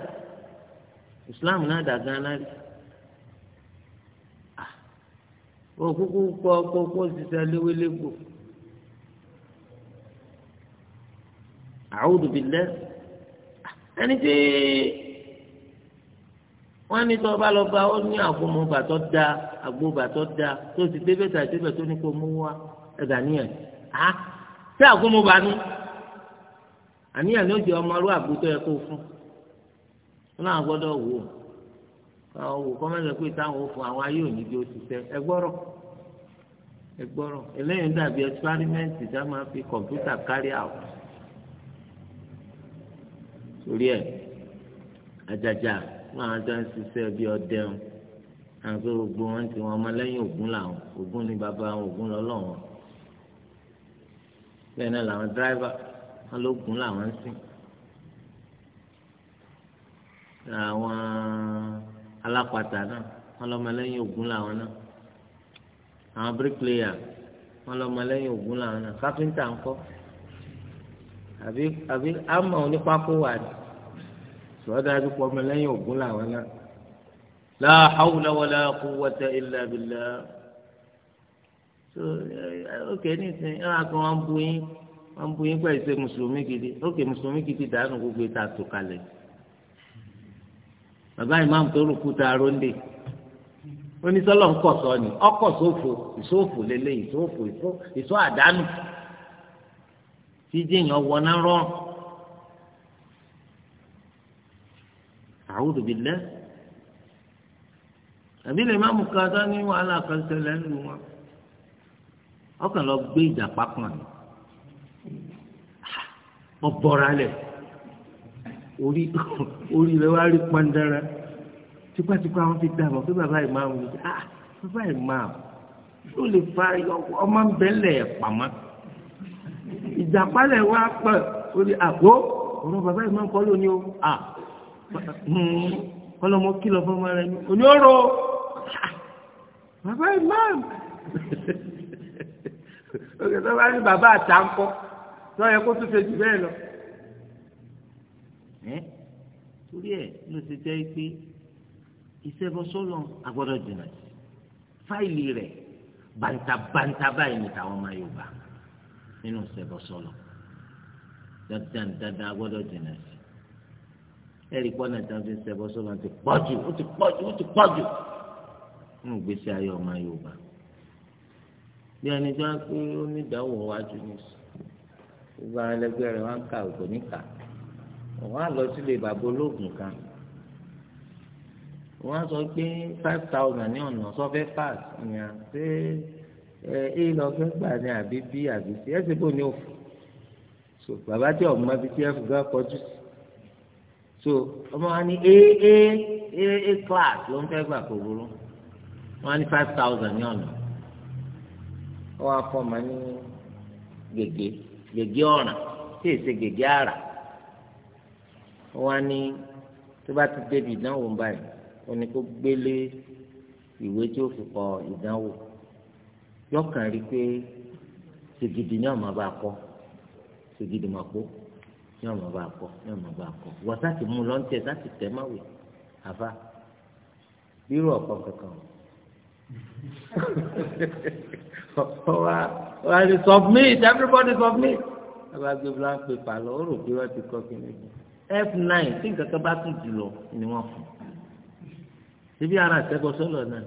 islam náà dà gan náà rí o ah. kúkú kọ kó kó ṣiṣẹ́ léwélégbò a'udhu billah ah. ẹni tí wọ́n ní tó bá lọ bá ó ní àfọmọ bàtọ da àgbo bàtọ da tó ti débẹ tàbí bẹ tó ní kó mú wá ẹgbà níyẹn ah àníyàn ni ó jẹ ọmọ ọlú àgùtọ ẹ kó fún wọn náà gbọ́dọ̀ wò ó àwọn wò kọ́ mẹ́sàn-án pé táwọn ò fún àwọn ayé òní bí ó ti sẹ ẹ gbọ́rọ̀ ẹ gbọ́rọ̀ eléyìí dàbí ẹsipárímẹ́ǹtì tá a máa fi kọ̀mpútà kárí àwọn torí ẹ àjàjà máa dá ń ṣiṣẹ́ bí ọdẹun àwọn pé gbogbo wọn ti wọn ọmọlẹ́yìn Ògún làwọn Ògún ni bàbá wọn Ògún lọ́lọ́wọ́n bẹ́ẹ̀ náà làwọn dráìvà wọn lóògùn làwọn ń sìn àwọn alápatà náà wọn lọ́mọlẹ́yìn Ògún làwọn náà àwọn bíríkìlẹ́yà wọn lọ́mọlẹ́yìn Ògún làwọn náà káfíńtà ń kọ́ àbí àbí àmọ́ onípákó wà ní sọ́dọ̀ àdúgbò ọmọlẹ́yìn Ògún làwọn náà la hawla wala quwwata illa billah so ok nísìnyí ẹ wá kí wọ́n bu yín. wọn bu yín gbà mùsùlùmí gidi ókè mùsùlùmí gidi dànù gbogbo ìta tó kalẹ̀ bàbá imam tó rùkú ta róńdè onísọlọ ńkọ sọ ni ọkọ sófo ìsófo lélẹ ìsófo ìsó àdánù tíjì yẹn wọ náà rọrùn àwùjọ bìí lẹ àbí lè má mú kan ní wàhálà kan ṣẹlẹ̀ ńlù wọn ọkàn gbé ìjà wọ́n bọ́ra lẹ̀ orí orí rẹ̀ wá rí pọ́ndẹ́rẹ́ tipátipá wọn fi dàbọ̀ pé bàbá yìí máa ń wù ah bàbá yìí máa ó lè fa ọmọ ń bẹ́lẹ̀ pàmò ìjàpálẹ̀ wa pẹ̀ orí àgbo ọ̀rọ̀ bàbá yìí máa ń kọ́ lónìí o ah hmm, kọlọmọ kìlọ̀ fọmọ rẹ ni òní ọ̀rọ̀ ah, bàbá yìí máa ó kẹsàn-án bá ní bàbá àtàkọ́ tó yẹ kó tún ṣe jù bẹ́ẹ̀ lọ. ẹ torí ẹ ló ti jẹ́ pé ìṣẹ́bọsọ́lọ́ agbọ́dọ̀ jìnnà fáìlì rẹ̀ bàǹtàbàǹtà báyìí ni tàwọn ọmọ Yorùbá nínú ìṣẹ́bọsọ́lọ́ dandan dandan agbọ́dọ̀ jìnnà sí ẹ̀rí pọ́nà tí wọ́n fi ń ṣẹ́bọsọ́lọ́ ti pọ̀jù ó ti pọ̀jù ó ti pọ̀jù nínú ìgbésí ayé ọmọ Yorùbá bí ẹni tí wọ́n pé ó ní ìdáwọ̀ wájú ní sí gbogbo àwọn ẹlẹgbẹ́ rẹ̀ wọ́n ń kà òkò níkà wọ́n á lọ sílé bàbá olóògùn kan wọ́n á sọ pé five thousand ní ọ̀nà sọ́fẹ́ pass ìyàn pé ẹ ẹ lọ́fẹ́ gbà ní àbí bí àbí sí ẹ ṣe bò ní òfò so bàbá tí ọ̀gbọ́n máa fi tí ẹ fi gbà kọjú sí so ọmọ wa ní aa aa class ló ń fẹ́ gbà kó burú ní five thousand ní ọ̀nà ọ wá fọ́ ọmọ ní gègé gègé ọ̀ràn tí èsè gègé àrà wọn ní tó bá ti débi ìdánwò báyìí ó ní kó gbélé ìwé tí ó fi kọ ìdánwò yọkàn rí pé sègidì ní ọmọ bá kọ sègidì mà kó ní ọmọ bá kọ ní ọmọ bá kọ wọ́n sá ti mú lọ́ńtẹ̀ sá ti tẹ̀ máwèé àfa bírò ọ̀pọ̀ kankan wà á di submit everybody submit bàbá gbé blank paper lọ ó rò pé wọ́n ti kọ́ kíni f 9 tí nǹkan kan bá tún jù lọ ni wọ́n fún síbi ara àtẹ́kọ̀ sọ́lọ̀ náà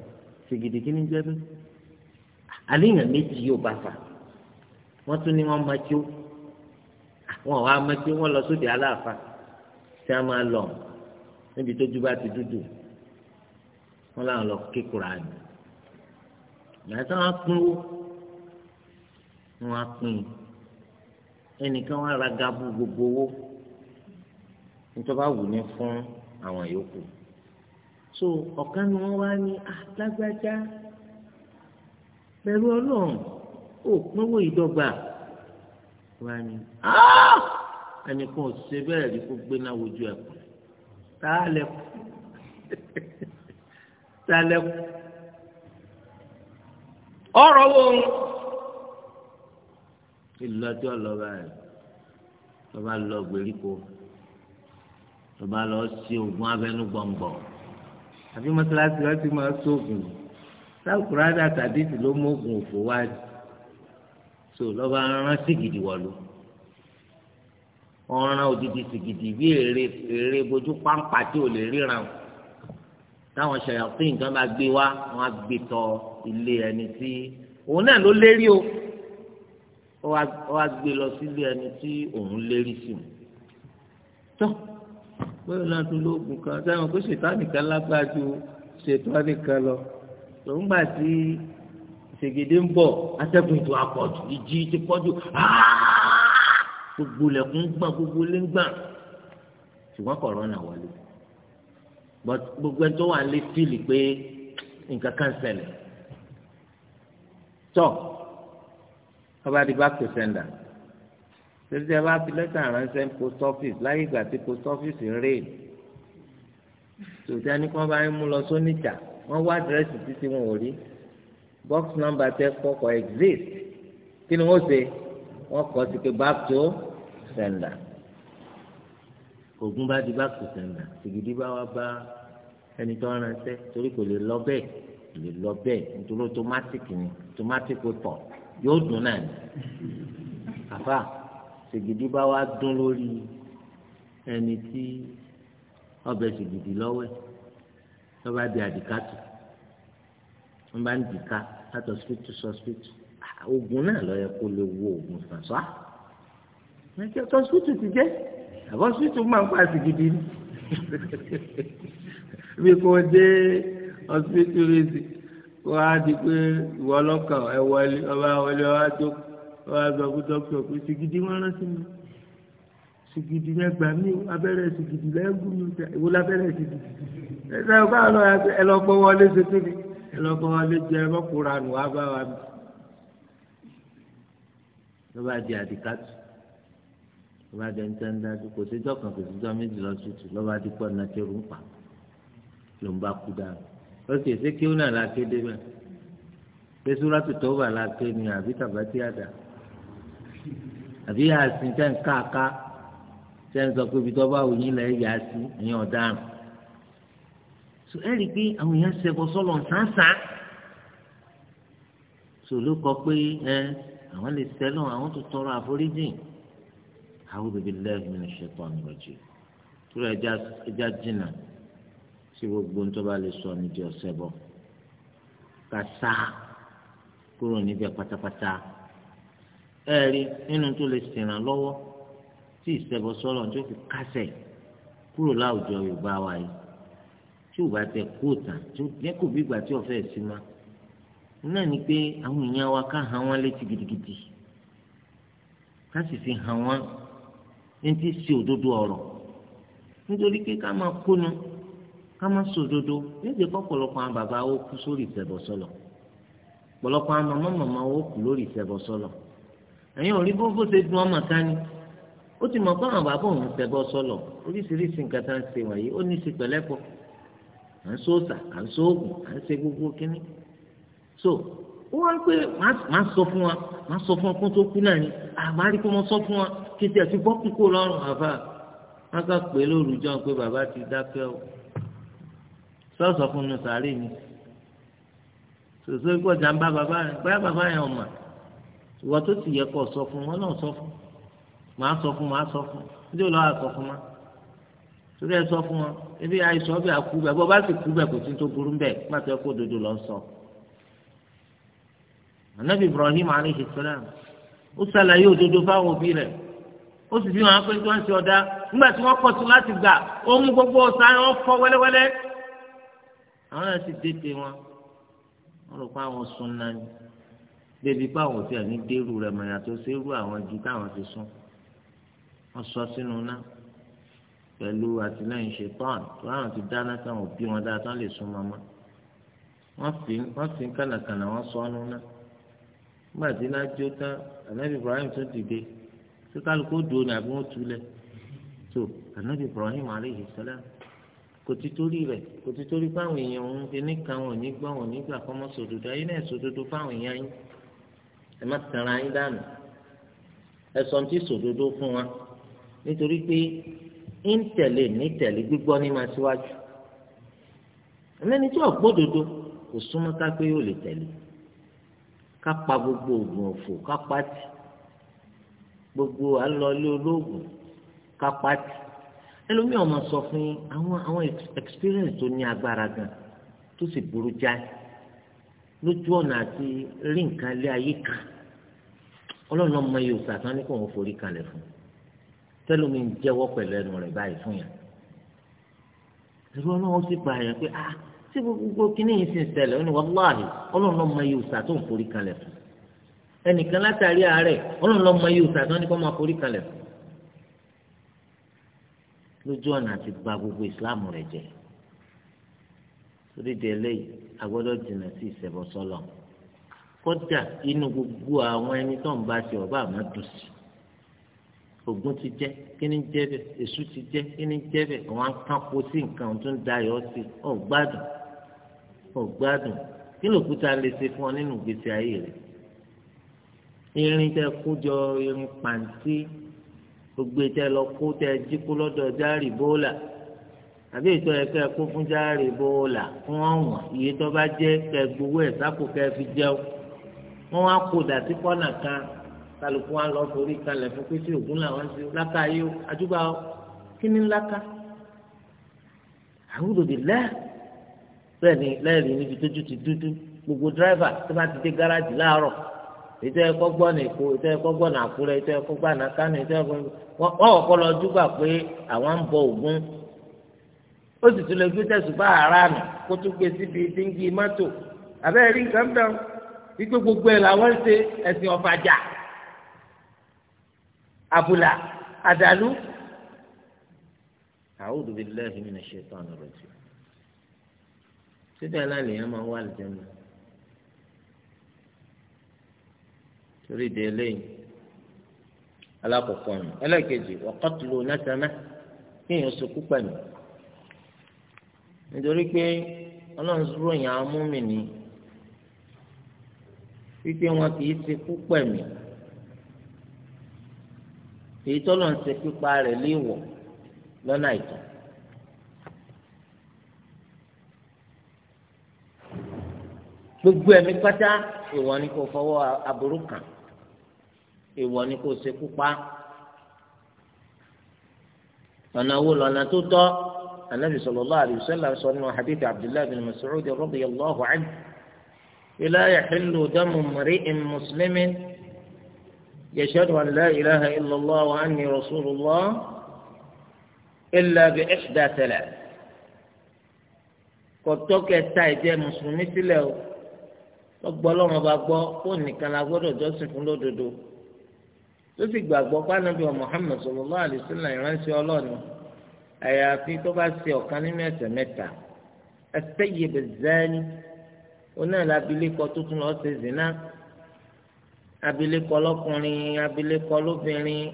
sìgìdì kí ni jẹ́ bí àníyàn méjì yóò bá fà wọ́n tún ní wọ́n máa jó wọn wá máa jó wọ́n lọ sóde aláàfà tí a máa lọ níbi tó jú bá ti dúdú wọ́n láwọn lọ kékeré àná ìyá tí wọ́n ni wọ́n á pín in ẹnìkan wọ́n ra gabu gbogbo owó nítorí wọ́n wù ní fún àwọn yòókù so ọ̀kan ni wọ́n wá ní alágbájá pẹ̀lú ọlọ́run ó pínwó ìdọ́gba wá ní ẹnìkan ò ṣe bẹ́ẹ̀ rí kó gbé náà wojú ẹ̀ kù tá a lẹ kù tá a lẹ kù ọ̀rọ̀ wo ìlọjọ lọba rẹ lọba lọ gbèríko lọba lọ sí oògùn abẹnú gbọǹgbọ àbí mọ́sálásí wọn ti máa sóògùn sáàkùrádà tàbí ti ló móògùn òfò wá so lọba rán sìgìdì wọlú ọ̀ràn òdìdí sìgìdì bí èrè èrè bojú pàǹpà tí ò lè ríran táwọn ṣàyàpín nǹkan bá gbé wá wọn á gbé tọ ilé ẹni tí òun náà ló lérí o ó wá gbé lọ sílé ẹni tí òun lérí sí mu tó bóyá náà tún lóògùn kan sẹ́wọ̀n pé ṣètánì kan lágbára ju ṣètánì kan lọ tòun gbà tí ṣègede ń bọ̀ atẹ́gùn tó apọ̀jù ìjì ti pọ̀jù gbogbo lẹ́kùn gbà gbogbo lé ń gbà ṣùgbọ́n kọ̀rọ̀nà wọlé gbogbo ẹni tó wà lé fíìlì pé nǹkan kan ṣẹlẹ̀ tọ́. So, ọba di back to sender tẹ́tí ẹ bá fi lẹ́tà ránṣẹ́ post office láyé ìgbà tí post office ń rèé tòtí ẹni kí wọ́n bá ń mú lọ sóníjà wọ́n wá àdírẹ́sì títí wọn ò rí box number tẹ kọ́kọ́ exist kí ni wọ́n ṣe wọ́n kọ́ sí pé back to sender ogun bá di back to sender sìgìdì bá wá bá ẹni tó ránṣẹ́ torí kò lè lọ bẹ́ẹ̀ lè lọ bẹ́ẹ̀ nítorí automatic ni automatic report yóò dùn náà ni àfa sìgìdì bá wa dún lórí ẹni tí ọbẹ̀ sìgìdì lọ́wọ́ ẹ̀ lọ́ba di àdìkátù wọ́n bá ń dìka láti ọ̀sìpìtì sọ̀sìpìtì ogun náà lọ́yẹ kó lè wo oògùn sàn sọ́à ẹ̀jẹ̀ sọ̀sìpìtì ti jẹ́ àbọ̀ sọ̀sìpìtì máa ń pa sìgìdì ni bí kò dé ọ̀sìpìtì rẹ̀ sí wọ́n á di pé ìwọ ọlọ́kàn ẹ wọlé ọba wọlé ọba tó ọba sọ fún dókítà pé sìgìdì wọn rántí mi sìgìdì lẹgbà mí o abẹ́rẹ́ sìgìdì lẹ́gùn mi ta ìwọ lábẹ́rẹ́ sìgìdì ẹ sọ bá lọ ẹ lọ gbọ́ wọlé ṣe tó ni ẹ lọ gbọ́ wọlé jẹ ẹ mọ́kùnrin àná wàá bá wa mi lọ́ba di àdìkátù lọ́ba di ẹni tẹ́ ń dájú kò síjọ́ kan kò síjọ́ méjì lọ́sùtù lọ́ba di pọ̀ nàkẹ́rù ń pa ló ń bá kú dáa lọ́sẹ̀ ṣé kí ó náà la ké débẹ̀ ṣé súrátù tọ́wà la ké ni àbí tàbátì àdá àbí yàsìn tẹ́ ń káàká tẹ́ ń sọ pé ibi tó bá wù yín lẹ̀ yàsìn ẹ̀yìn ọ̀daràn so ẹ rí i pé àwọn èèyàn ṣẹbọ sọlọ sáńsán sòló kọ pé ẹ àwọn lè sẹlọ àwọn tó tọrọ àforíjìn àwọn bèbè lẹ́yìn mi ní ṣe tọ́ àmì ọ̀jẹ̀ tó rẹ̀ ẹja jìnnà tí gbogbo ń tó lè sọ nídìí ọ̀sẹ̀ bọ̀ ká sá kúrò níbẹ̀ pátápátá ẹ rí nínú tó lè tí ìṣẹ́bọ sọ́rọ̀ tó fi kásẹ̀ kúrò láwùjọ Yorùbá wa yìí tí ò bá tẹ tí ọ̀fẹ́ sí ma náà ni pé àwọn èèyàn wa ká hàn gidigidi ká sì fi hàn wọ́n ní òdodo ọ̀rọ̀ nítorí pé ká máa ká má sòdodo níbi kọ́pọ̀lọpọ̀ àwọn bàbá wo kú sórí ìṣẹ̀bọ̀ sọlọ̀ pọ̀lọpọ̀ àwọn màmá màmá wo kú lórí ìṣẹ̀bọ̀ sọlọ̀ ẹ̀yin ò rí bóbó ṣe dun ọmọ ká ní ó ti mọ̀ pé àwọn bàbá òun ṣẹ̀bọ̀ sọlọ̀ oríṣiríṣi nǹkan tá à ń ṣe wọ̀nyí ó ní í ṣe pẹ̀lẹ́pọ̀ à ń sóòsà à ń sóògùn à ń ṣe gbogbo kínní so wọ́n pé màá sọ fún wa màá sọ fún ọkùnrin tó kú náà ni àmọ́ àrí kó mo sọ fún wa kí ti àti bọ́ kúkú lọ́rùn àfà wọ́n kà pé lórúkọ pé bàbá ti dákẹ́ o sọ́ọ̀sọ̀ fún un sàárè ni sòsò gbọ́ jàǹbá bàbá rẹ̀ báyà bàbá yẹn ọ̀mà ìwọ tó ti yẹ kọ́ sọ fún wọn náà sọ fún màá sọ fún màá sọ fún ndé ò lọ́wọ́ àsọ fún ma torí ẹ sọ fún wọn ebi àìsàn ọbẹ̀ àkú bẹ̀ bọ́ bá sì kú bẹ̀ kò tí tó burú bẹ̀ pàtó ẹ̀kọ́ òdodo lọ sọ. anabi ibrahim alayhi salam ó ṣàlàyé òdodo fáwọn òbí rẹ̀ ó sì fi hàn pé tí wọ́n ń ṣe nígbà tí wọ́n kọ̀ sí láti gbà ó mú gbogbo ọ̀sán wọn fọ́ àwọn náà sì dètè wọn wọn rò pé àwọn sùn náà ni débi pé àwọn òfin àní dérú rẹ̀ mọ̀ yàtọ̀ sí irú àwọn ju táwọn ti sùn wọn sọ sínú náà pẹ̀lú àtìlẹ́yìn ṣetán tó àwọn ti dáná táwọn òbí wọn dáa tán lè sún mọ́mọ́ wọ́n fi wọ́n fi kànàkànà wọ́n sọ ọ́nú náà nígbà tí iná tán ànábì Ibrahim tó dìde tó kálukó dùn ní àbí wọ́n túlẹ̀ tó ànábì Ibrahim alayhi salam kò ti torí rẹ̀ kò ti torí fáwọn èèyàn òun fi níkan wọn ní gbọ́ wọn nígbà kọ́ mọ́ sòdodo ayé náà sòdodo fáwọn èèyàn yín ẹ má tara yín dànù ẹ sọ ti sòdodo fún wa nítorí pé ń tẹ̀lé ní tẹ̀lé gbígbọ́ ní máa síwájú ẹlẹ́ni tí ọ̀gbọ́dodo kò súnmọ́ ká yóò lè tẹ̀lé ká pa gbogbo oògùn ọ̀fọ̀ ká pàtì gbogbo alọ́lé olóògùn ká pàtì ẹlòmíì ọmọ sọ fún yín àwọn àwọn experience tó ní agbára gan tó sì burú jáì lójú ọ̀nà àti rí nǹkan lé ayé kan ọlọ́run ọmọ yóò sàtán ní kò wọ́n forí kalẹ̀ fún tẹ́lómi ń jẹ́wọ́ pẹ̀lú ẹnu rẹ̀ báyìí fún yàn ẹ̀rọ ọlọ́run sì pa àyàn pé ah tí gbogbo kíní yìí sì ń ṣẹlẹ̀ ó ní wàláhì ọlọ́run ọmọ yóò sàtán ń forí kalẹ̀ fún ẹnìkan látàrí àárẹ̀ ọlọ́run ọmọ yóò sàtán ní kò wọ́n forí kalẹ̀ fún lójú ọ̀nà àti bà gbogbo ìsìláàmù rẹ̀ jẹ́ torí di eléyìí a gbọ́dọ̀ jìnnà sí ìṣẹbọ sọ́lọ̀ kódà inú gbogbo àwọn ẹni tó ń bá ṣe ọba àmọ́ dùn sí ogun ti jẹ kí ni jẹ bẹ èṣù ti jẹ kí ni jẹ bẹ àwọn akápò sí nǹkan tó ń dayọ sí ọ gbádùn ọ gbádùn kí lòkúta lè ṣe fún ọ nínú ìgbésí ayé rẹ irin tẹ kó jọ irin pàǹtí gbogbo tẹ lọ kó tẹ jíkú lọ́dọ̀ járe bóòlà àbí ètò ẹ̀kẹ́ kó fún járe bóòlà fún ọ̀wọ́n iye tó bá jẹ́ kẹ gbowó ẹ̀ sáko kẹ fi jẹun wọ́n wá kó dàtí kọ́nà kan kálukú wa lọ forí kalẹ̀ fún pété ògún làwọn ti láka yìí ó àdúgbà ó kí ni ńláka àwùjọ bíi lẹ́ẹ̀ bẹ́ẹ̀ ni níbi tójú ti dúdú gbogbo dírẹ́fà tó bá ti dé gáràjì láàárọ̀ ìtọ́ ẹ̀kọ́ gbọ́ ní Èkó ìtọ́ ẹ̀kọ́ gbọ́ ní Àkúrẹ́ ìtọ́ ẹ̀kọ́ gbọ́ ní Kánò ìtọ́ ẹ̀kọ́ wọ́n ọ̀kọ́ lọ dúgbà pé àwọn ń bọ Ògún ó sì tún lè gbé tẹ̀sùn bá ara nù kó tún gbé síbi díngí mọ́tò àbẹ́rẹ́ rí nǹkan dán wípé gbogbo ẹ̀ làwọn ń ṣe ẹ̀sìn ọ̀fàjà àbùlà àdàlú. A'udhu billahi minash shaitani rajim síbẹ̀ náà nìyẹn máa wà lìjẹun náà torí ìdè eléyìí alákọ̀ọ́kọ́ ni ẹlẹ́ẹ̀kejì waqatlu nasama kéèyàn sọkú pẹ̀lú nítorí pé ọlọ́run dúró yàn án mú mi ní wípé wọn kì í ti kú pẹ̀mí èyí tọ́lọ̀ ń ṣe pípa rẹ̀ léèwọ̀ lọ́nà ìtàn. gbogbo ẹ̀mí pátá ìwọ ni kò fọwọ́ aburú kàn. ìwọ ni kò ṣekú pa ọ̀nà wo lọ́nà tó tọ́ anabi sallallahu alayhi wa sallam sọ nínú hadith abdullahi bin mas'ud radiyallahu anhu la yahillu damu mri'in muslimin yashhadu an la ilaha illallah wa anni rasulullah illa bi ihda thalath kọtọkẹ ta ẹ̀jẹ̀ mùsùlùmí sílẹ̀ o lọgbọlọmọba gbọ́ ó nìkan la gbọ́dọ̀ jọ́sìn fún lódodo. tó sì gbàgbọ́ pánàbí Muhammad sallallahu alaihi wasallam ìránṣẹ́ ọlọ́ọ̀ni àyàfi tó bá ṣe ọ̀kan nínú ẹ̀ṣẹ̀ mẹ́ta as-sayyib az-zani onáàlà abilékọ tó tún lọ́ọ́ ṣe zina abilékọ lọ́kùnrin abilékọ lóbìnrin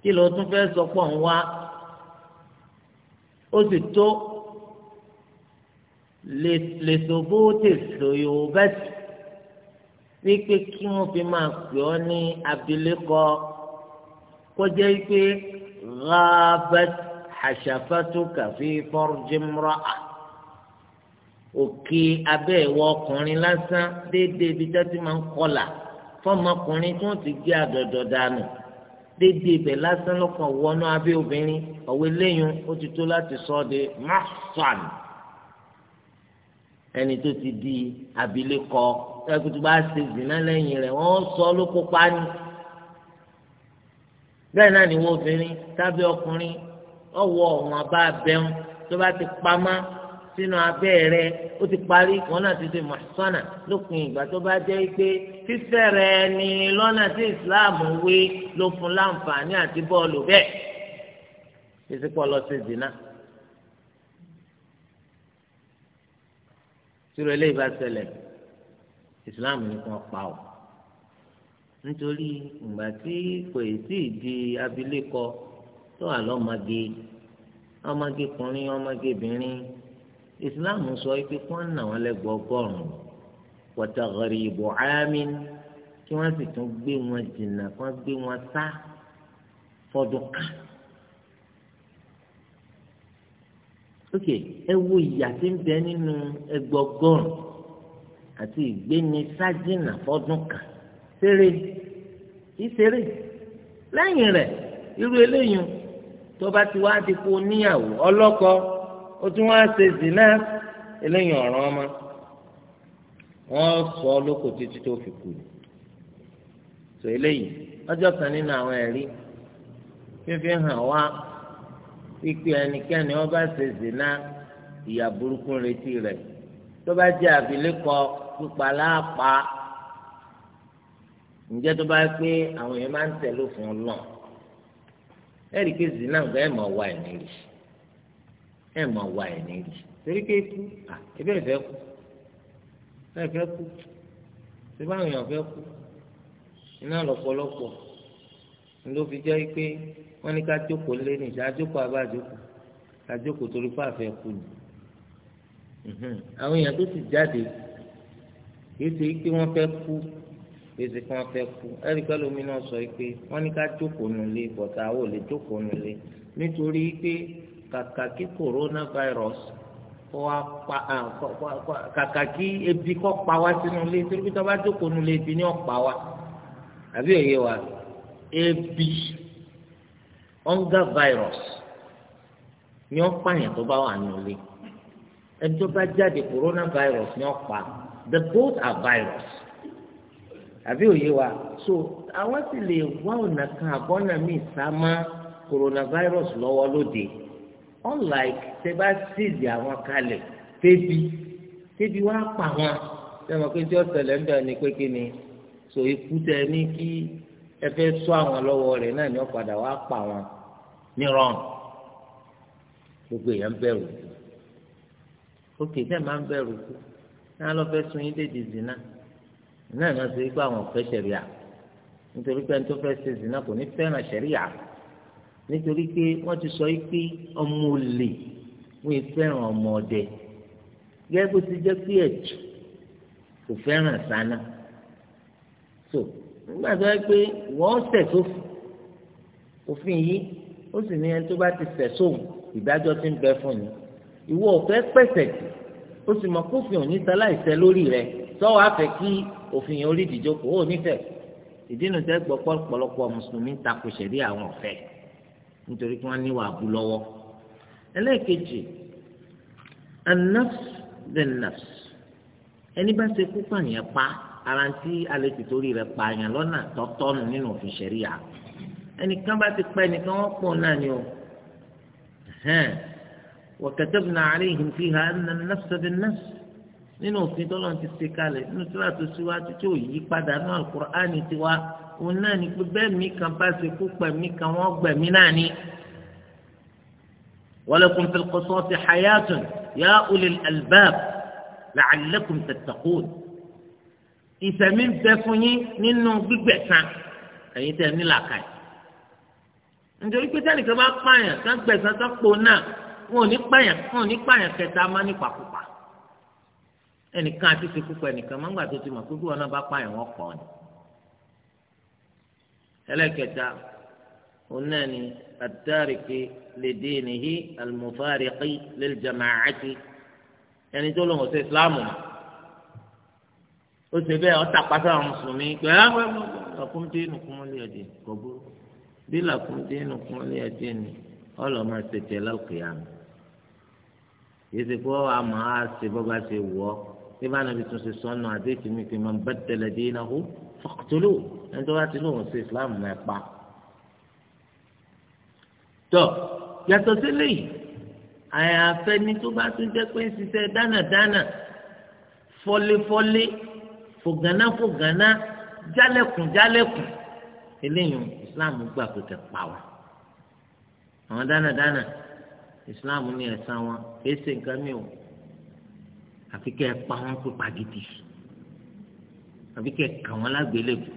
kí ló tún fẹ́ sọ pọ̀ ń wá ó sì tó lè lè sọ bó tè sọ yòó bẹ́sì wípé kí wọ́n fi máa pè ọ́ ní abilékọ kọjá wípé ghabat hashafatuka fi farji imra'a òkè abẹ́ ìwọ ọkùnrin lásán déédéé ibi tẹ́tí máa ń kọlà fọmọkùnrin tí wọ́n ti gé àdọ̀dọ̀ dànù déédéé ibẹ̀ lásán lọ́kàn wọnú abẹ́ obìnrin ọ̀wé lẹ́yìn ó ti tó láti sọ ọ́ di mahsan ẹni tó ti di abilékọ ẹkùtù bá ṣe zìnà lẹ́yìn rẹ̀ wọ́n sọ ló kópa ni náà ni wọ́n obìnrin tábí ọkùnrin ọwọ́ ọ̀hún abá abẹ́hùn tó bá ti pamá sínú abẹ́ rẹ̀ ó ti parí wọn náà ti ṣe mọ̀sánà lópin ìgbà tó bá jẹ́ pé fífẹ́ rẹ̀ ni lọ́nà tí Islam wé ló fún láǹfààní àti bọ́ọ̀lù bẹ́ẹ̀ ìsìnkú lọ ṣe zìnà. tí ìrẹ̀lẹ̀ ìbá ṣẹlẹ̀ islam ní kí wọ́n pa ọ́ nítorí ìgbà tí kò tí ì di abilékọ tó wà lọ́mọge ọmọge kùnrin ọmọge bìnrin islam sọ pé kí wọ́n nà wọ́n lẹ́gbọ̀ọ́ ọgọ́rùn-ún pọ̀tàkọ̀rì ìbò ámín kí wọ́n sì tún gbé wọn jìnnà kí wọ́n gbé wọn sá fọdún kan. ok ẹ wo ìyà tí ń bẹ nínú ẹgbọgọrùn àti ìgbéni sájìnà fọdún kan ṣeré kì ṣeré lẹ́yìn rẹ̀ irú eléyìí tó bá ti wá di kó níyàwó ọlọ́kọ ó tún wá ṣe eléyìí ọmọ wọ́n sọ lóko títí tó fi kú tó eléyìí kan nínú àwọn ẹ̀rí fífi hàn wá pípé ẹnikẹ́ni ọba ṣe ìyà burúkú retí tó bá pípa láàpá ǹjẹ́ tó bá pé àwọn èèyàn máa ń tẹ̀ lófin ọlọ́ọ̀ ẹ̀rí pé zina ń gbà ẹ̀ máa wá ẹ̀mí rí ẹ̀ máa wá ẹ̀mí rí torí pé kú à ebí ẹ̀fẹ́ kú ẹ̀fẹ́ kú ṣé báwọn èèyàn fẹ́ kú iná lọ́pọ̀lọpọ̀ ló fi jẹ́ pé wọ́n ní ká jókòó lé ní ìṣá jókòó abájókòó ká jókòó torí pàfẹ́ kú ni àwọn èèyàn tó ti jáde kú kì í ṣe pé wọ́n fẹ́ kú kì í ṣe pé wọ́n fẹ́ kú ẹ̀rí pẹ́ lómi náà sọ pé wọ́n ní ká jókòó nulẹ̀ bọ̀tà àwọn ò lè jókòó nulẹ̀ nítorí pé kàkà kí coronavirus kó wa pa kàkà kí ebi kọ́ pa wá sínú ilé torí pé tó bá jókòó nulẹ̀ ebi ni ó pa wá àbí òye wa ebi hunger virus ni ó pààyàn tó bá wà nulẹ̀ ẹni tó bá jáde coronavirus ni ó the both are virus àbí òye wa so àwọn sì lè wá ọ̀nà kan àbọ̀nà míì sá mọ́ coronavirus lọ́wọ́ lóde unlike tẹ bá ṣèèdì àwọn kalẹ̀ tẹ́bi tẹ́bi wá pa wọn pé tí ń bẹ̀rẹ̀ ni pé kí ni so ikú tẹ ní kí ẹ fẹ́ pa wọn ní gbogbo èèyàn bẹ̀rù òkè tẹ̀ máa ń ní alọ́ fẹ́ sun yín dédì zina na ní wọ́n ti gbọ́ àwọn ọ̀fẹ́ ṣẹ̀ríà nítorí pé ẹni tó fẹ́ ṣe zina kò ní fẹ́ràn ṣẹ̀ríà nítorí pé wọ́n ti sọ pé ọmọ olè wọ́n fẹ́ràn ọmọ ọdẹ gẹ́gẹ́ bó ti jẹ́ pé ẹ̀jù kò fẹ́ràn sáná so nígbà tó yẹ pé wọ́n ṣẹ̀ sófin òfin yìí ó sì ní ẹni tó bá ti ṣẹ̀ sóhun ìdájọ́ ti ń bẹ fún ni ìwọ ò fẹ́ ó sì mọ̀ kófin òní sáláìsẹ lórí rẹ̀ sọwọ afẹ kí òfin yẹn orí ìdíjókòó ó nífẹ̀ẹ́ ìdínú tẹ gbọ́ pọ̀lọpọ̀ mùsùlùmí takò sẹrí àwọn ọ̀fẹ́ nítorí kí wọn níwà abú lọ́wọ́ ẹlẹ́ẹ̀kejì anafs the nafs ẹni bá ṣe púpọ̀ yẹn pa ara ti alẹ́ ti torí rẹ̀ pààyàn lọ́nà tọ́tọ́nù nínú òfin sẹ̀ríà ẹnìkan bá ti pẹ́ ẹnìkan wọ́n pọ̀ náà ni o وكتبنا عليهم فيها أن النفس بالنفس nínú òfin tó lọ́n ti ṣe kalẹ̀ nínú tí wàá tó síwájú tí ò yí padà náà alukur'ani ti wá òun náà ni pé bẹ́ẹ̀ mi kan bá ṣe kú pẹ̀mí kan wọ́n gbẹ̀mí náà ni. walakum fil qisasi hayatun ya ulil albab la'allakum tattaqun. ìsẹ̀mí bẹ fún yín nínú gbígbẹ̀san ẹ̀yin tẹ̀ ní làkàyè. nítorí pé tẹ́nìkan bá pààyàn tán gbẹ̀san tán pò náà wọn ò ní pààyàn wọn ò ní pààyàn kẹta má ní pàkópà ẹnìkan àti ìsìnkúpọ̀ ẹnìkan má ń gbà tó ti mọ̀ pé bí wọn náà bá pààyàn wọn pọ̀ ni. ẹlẹ́kẹta òun náà ni àtàríkì lè dé nìyí àlùmọ̀fáàríkì lè jàmáàtì ẹni tó lòun ọ̀sẹ̀ ìsìláàmù ó ṣe bẹ́ẹ̀ ọ̀tà pàṣẹ àwọn mùsùlùmí pé ọkùnrin ah, tí nìkún lè ẹ̀dín kò bí làkùnrin tí nìkún lè ẹ̀dín ni ọlọ́mọ ṣètì ẹ̀ lọ́kùnrin àná yìí ti kó àmọ́ á ṣe bọ́ba ṣe wọ̀ ọ́ bí bá nàbí tún ṣe sọ́nà àdéhùn mi pé máa ń bẹ́ tẹ̀lẹ̀ dé iná hó fọ́kùtòló ẹni tó bá ti lóun ṣe islam mẹ́ pa. tọ́ yàtọ̀ sílẹ̀ yìí àyàfẹ́ ni tó bá tún jẹ́ pé ń ṣiṣẹ́ dánadáná fọ́léfọ́lé fògànà fògànà jálẹ̀kùn jálẹ̀kùn eléyìí islam gbà pé kẹ́ pa wá àwọn dánadáná islam ní ẹ̀san wọn kìí ṣe nǹkan mi o àfi kẹ́ ẹ pa wọn pípa gidi àfi kẹ́ ẹ kà wọn lágbélébù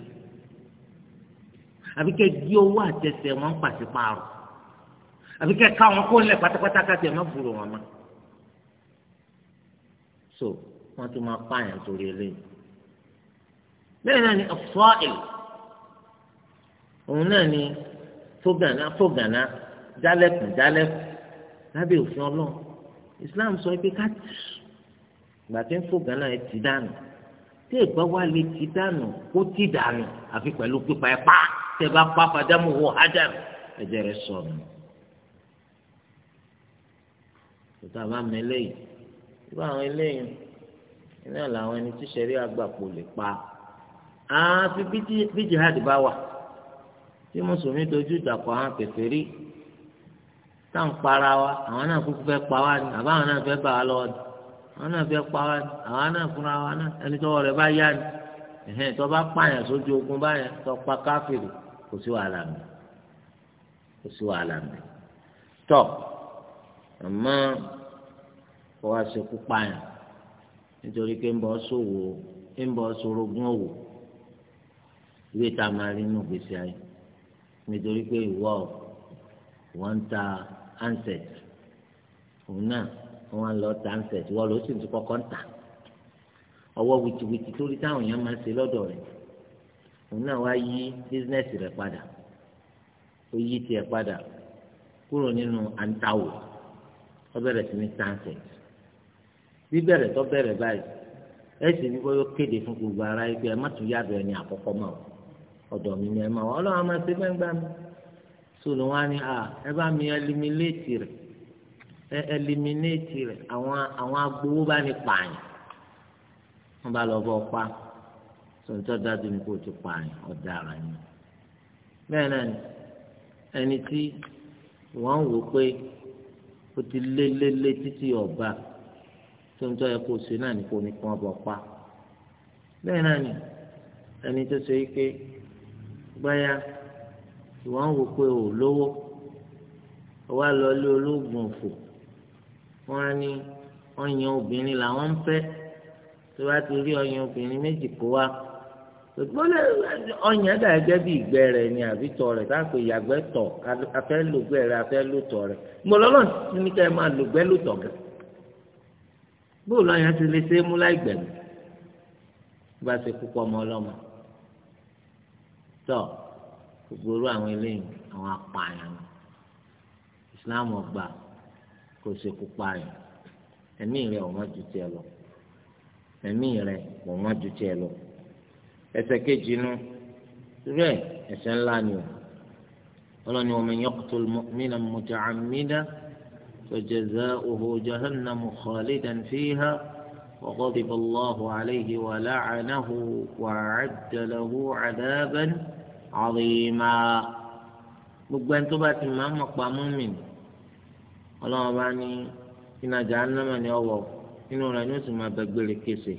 àfi kẹ́ ẹ gé owó àtẹsẹ̀ wọn pàṣípààrọ̀ àfi kẹ́ ẹ ká wọn kó lẹ̀ pátápátá káàtì ẹ̀ má fúru wọn mọ́ so wọ́n tún máa pààyàn torí eléyìí bẹ́ẹ̀ náà ni ọ̀fọ́ òun náà ni fógànà fógànà jálẹ̀kùn jálẹ̀kùn lábẹ́ òfin ọlọ́run islam sọ pé ká tì ìgbà tí ń fò gánà ẹ ti dànù tí ìgbà wa lè ti dànù ó ti dànù àfi pẹ̀lú pípa ẹ pa tẹ bá pa fàdámù wọ ádàm ẹ̀jẹ̀ rẹ sọnù. tòtò àbá mi eléyìí irú àwọn eléyìí iná làwọn ẹni tí sẹ́rí àgbàpò lè pa àfi bí jihad bá wà tí mùsùlùmí dojú ìjà kọ àwọn kèfèrí tá à ń para wa àwọn náà kúkú fẹ́ pa wá ni àbá àwọn náà fẹ́ bà wá lọ́wọ́ ni àwọn náà fẹ́ pa wá ni àwọn náà fúnra wa náà ẹni tọ́wọ́ rẹ̀ bá yá ni ẹ̀hẹ́n tó bá pààyàn sójú ogun báyẹn tó pa káfíìrì kò sí wàhálà mi kò sí wàhálà mi tọ́ àmọ́ kó wá ṣekú pààyàn nítorí pé ń bọ́ sòwò ń bọ́ sorogún òwò ìwé tá máa rí inú gbèsè ayé nítorí pé ìwọ ìwọ ń ta handset òun náà wọn lọ ta handset wọn lọ sí ti kọ́kọ́ ń tà ọwọ́ wìtìwìtì torí táwọn èèyàn máa ń ṣe lọ́dọ̀ rẹ̀ òun náà wá yí bísínẹ́sì rẹ̀ padà ó yí tiẹ̀ padà kúrò nínú àǹtàwò ó bẹ̀rẹ̀ sí ní handset bíbẹ̀rẹ̀ tó bẹ̀rẹ̀ báyìí ẹ sì ní bóyá kéde fún gbogbo ara yìí pé ẹ má tún yàdọ̀ ẹni àkọ́kọ́ mọ́ ọ̀dọ̀ mi ni ẹ máa wọ́n ọlọ́run á máa ṣe bẹ́ẹ̀ mi sọlọ wọn ni ẹ bá mi ẹliminéètì rẹ ẹ ẹliminéètì rẹ àwọn àwọn agbowó bá ní pààyàn wọn bá lọ bọ pa sọ̀tọ́ dájú ni kò ti pààyàn ọ̀daràn ni bẹ́ẹ̀ náà ni ẹni tí wọ́n wò pé ó ti lé lé lé títí ọba tó ẹ kó ṣe náà ní kò ní kí wọ́n bọ̀ pa bẹ́ẹ̀ náà ni ẹni tó ṣe é pé báyà ìwọ ń wò pé ò lówó wá lọ lé olóògùn òfò wọn á ní ọyàn obìnrin làwọn ń fẹ́ tó bá ti rí ọyàn obìnrin méjì kó wá ọyàn dà bí ìgbẹ́ rẹ̀ ni àbí tọ̀ rẹ̀ káàpọ̀ ìyàgbẹ́ tọ̀ afẹ́ lògbẹ́ rẹ̀ afẹ́ lòtọ̀ rẹ̀ gbọ́dọ̀ ní ká ẹ máa lògbẹ́ lòtọ̀ gẹ̀ bóòlù ọyàn ti lè ṣe é mú láì gbẹ̀mí bá ṣe kú pọ̀ ọmọ ọlọ́mọ tọ̀. So, gbogbooru àwọn eléyìí àwọn apààyàn islam ọgbà kò ṣekú pààyàn ẹ̀mí rẹ̀ ò ọ̀wọ́n ju ẹ lọ ẹ̀mí rẹ̀ ò ọ̀wọ́n ju ẹ lọ ẹsẹ̀ kejì inú rẹ̀ ẹ̀ṣẹ̀ ńlá ni o ọlọ́ni wa man yaqtul mu'mina muta'ammidan fajaza'uhu jahannamu khalidan fiha وغضب الله عليه ولعنه وأعد له عذابا عظيما gbogbo ẹni tó bá ti máa ń mọ̀ pa mọ́mìn ọlọ́run bá ní iná jahannama ni ọwọ́ inú rẹ̀ ni ó sì máa bẹ gbére kése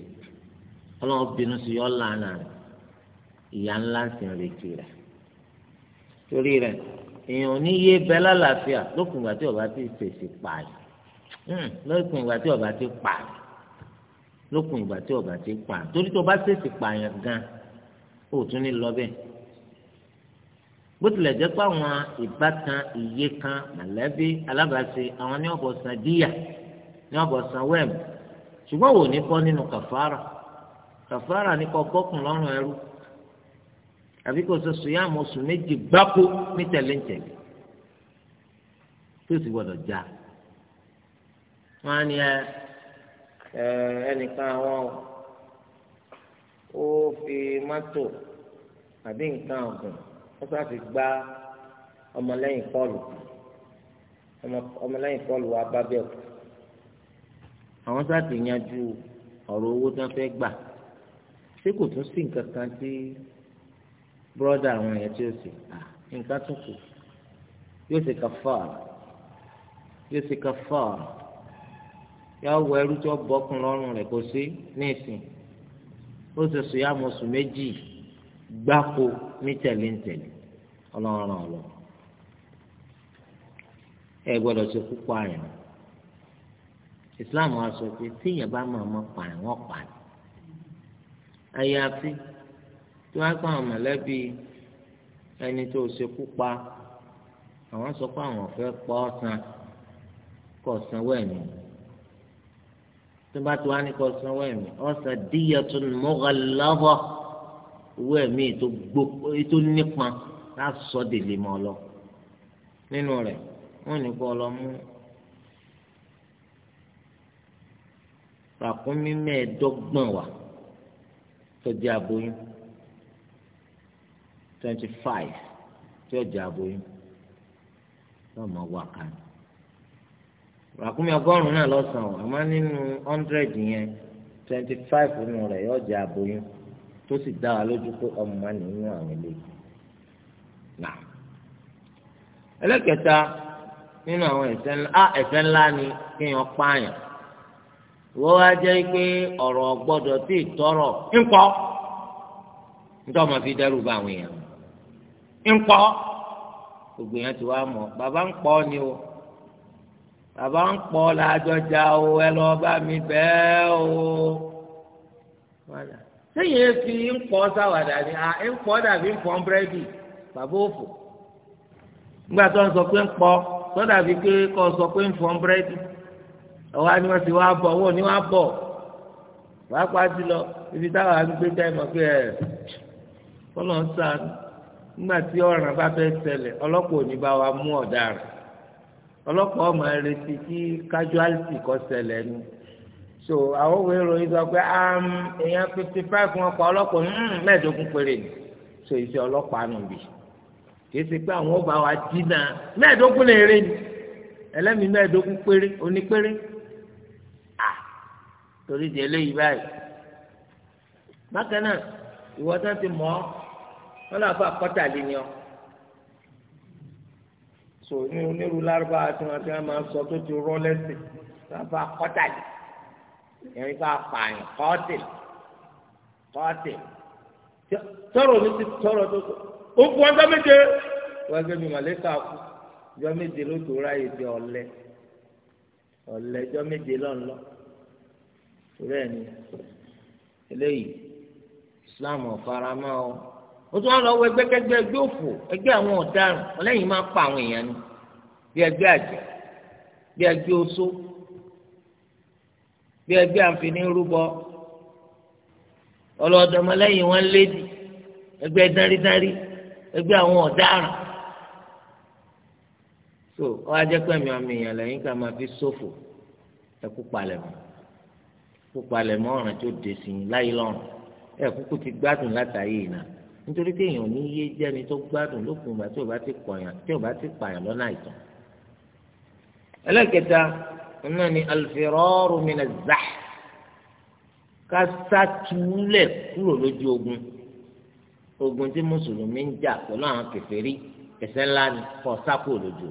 ọlọ́run bínú sí yọ́ lànà ìyá ńlá sì ń retí rẹ̀ torí rẹ̀ èèyàn ò ní yé bẹ lálàáfíà lókùn ìgbà tí ọba ti fèsì pààyàn hmm, lókùn ìgbà tí ọba ti pààyàn lókùn ìgbà tí ọba ti pààyàn torí tó bá fèsì pààyàn gan-an ó tún ní lọ bẹ́ẹ̀ bó tilẹ̀ jẹ́ pé àwọn ìbátan ìyé kan mọ̀lẹ́bí alábàáṣe àwọn ní ọ̀bọ̀ san díyà ní ọ̀bọ̀ san wẹ́ẹ̀m ṣùgbọ́n wò ní kọ́ nínú kàfàrà kàfàrà ní kọ́ bọ́kùn lọ́rùn ẹrú àbí kò sọ sùyàmù oṣù méjì gbáko ní tẹ̀léńtẹ̀lé tó sì gbọdọ̀ já wọn á ní ẹ ẹnìkan àwọn ó fi mọ́tò àbí nǹkan ọ̀gùn wọ́n sá fi gba ọmọlẹ́yìn pọ́ọ̀lù ọmọlẹ́yìn pọ́ọ̀lù wa bá bẹ́ẹ̀ kú àwọn sá ti yanjú ọ̀rọ̀ owó tí wọ́n fẹ́ gbà ṣé kò tún sí nǹkan kan tí bọ́dà àwọn yẹn tí ó sì nǹkan tún kù yóò ṣe kàfàrà yóò ṣe kàfàrà yóò wọ ẹrú tí wọ́n bọ́kùn lọ́rùn rẹ̀ kó sí ní ìsìn ó ṣe sùn yá mọ̀ sùn méjì yìí gbáko ní tẹ̀léńtẹ̀lé ọlọ́run ọ̀lọ́ ẹ gbọ́dọ̀ ṣe kúkú àyàn Islam wa sọ pé tíyẹn bá máa mọ pààyàn wọn pààyàn àyàfi tí wọ́n á gbọ́ àwọn mọ̀lẹ́bí ẹni tó ṣekú pa àwọn sọ pé àwọn fẹ́ pọ́ san kó sanwó ẹ̀mí tó bá ti wá ní kó sanwó ẹ̀mí ọ̀sán díyàtun mughallazah owó ẹ̀mí ètò gbó ètò nípa lásọ délé mọ́ ọ lọ nínú rẹ̀ wọ́n ní kọ́ lọ mú ràkúnmí mẹ́ẹ̀ẹ́dọ́gbọ̀n wá tó jẹ́ aboyún twenty five tí ó jẹ́ aboyún yóò máa wà ká ní ràkúnmí ọgọ́rùn-ún náà lọ́sàn-án àmọ́ nínú hundred yẹn twenty five nínú rẹ̀ yóò jẹ́ aboyún. tó sì dá lójú pé ọmọ àwọn eléyìí náà ẹlẹ́kẹta nínú àwọn ńlá a ẹ̀ṣẹ̀ ńlá ni kéèyàn pààyàn wọ́n wá jẹ́ pé ọ̀rọ̀ gbọ́dọ̀ tí ì tọrọ ńkọ́ nítorí ọmọ fi dẹ́rù bá àwọn èèyàn ńkọ́ gbogbo ti wá mọ̀ bàbá ń pọ̀ ni o bàbá ń pọ̀ làjọjà o ẹ lọ o sẹ́yìn ẹ fi ń pọ̀ sáwàdà ni à ń pọ̀ dàbí ń pọ̀ ń búrẹ́dì bàbá òfò nígbà tó ń sọ pé ń pọ̀ tó dàbí pé kò sọ pé ń pọ̀ ń búrẹ́dì ọwọ́ ni wọ́n ti wá bọ̀ owó ni wọ́n bọ̀ wàá pa ti lọ ibi táwọn àgbẹ̀ tẹ́ mọ̀ pé ẹ̀ kọ́lọ̀ ń sàn nígbà tí ọ̀ràn bá fẹ́ ṣẹlẹ̀ ọlọ́pàá ò ní bá wa mú ọ̀daràn ọlọ́pàá ọmọ ẹ̀ retí kí casualty kó ṣẹlẹ̀ ni so àwọn òwe ìròyìn sọ pé èèyàn fifty five wọn pa ọlọ́kùnrin hmm, mẹ́ẹ̀ẹ́dógún péré ni so iṣẹ́ ọlọ́pàá nù bí kì í ṣe pé àwọn ọba wa dínà mẹ́ẹ̀ẹ́dógún lè rí ni ẹlẹ́mìí mẹ́ẹ̀ẹ́dógún péré oní péré à torí di eléyìí báyìí bákan náà ìwọ tó ti mọ̀ ọ́ wọn làá fà kọ́tà lé ní ọ so ní onírúurú lárúbáwá tí wọn ti máa sọ tó ti rọ lẹ́sìn wọn fà kọ́tà lé ní ìrìn fún apààyàn kọ́ọ̀tì kọ́ọ̀tì tọrọ mi ti tọrọ tó tó ó kú ọjọ́ méje wọ́n gbé mi màlẹ́kà kú ọjọ́ méje ló tó ráyè di ọ̀lẹ ọ̀lẹ ọjọ́ méje lọ́nlọ́ torí ni eléyìí Islam ọ̀faramọ́ ọ o tún wọn lọ wọ ẹgbẹ́kẹ́gbẹ́ ẹgbẹ́ òfò ẹgbẹ́ àwọn ọ̀daràn ọlẹ́yìn máa pa àwọn èèyàn ni bí ẹgbẹ́ àjẹ́ bí ẹgbẹ́ oṣó bí ẹgbẹ́ àǹfìní rúbọ ọlọ́dọ̀mọlẹ́yìn wọn lédi ẹgbẹ́ dáridári ẹgbẹ́ àwọn ọ̀daràn so ọ ajẹ́pẹ̀mí ọmọ èèyàn lẹ́yìn ká máa fi ṣòfò ẹkú palẹ̀mọ́ ẹkú palẹ̀mọ́ ọ̀ràn tó dé sí i láyé lọ́rùn ẹ̀kúkú ti gbádùn látàyè ìná nítorí pé èèyàn ní yé jẹ́ni tó gbádùn lókun ìgbà tí ò bá ti pààyàn lọ́nà àìtàn ẹlẹ́kẹta náà ni alifirọ́ọ̀rù mi nà zà ká sátúlẹ̀ kúrò lójú ogun ogun tí mùsùlùmí ń jà pẹ̀lú àwọn kèfèrí ẹ̀ṣẹ̀ ńlá ni kọ́ sákò lójú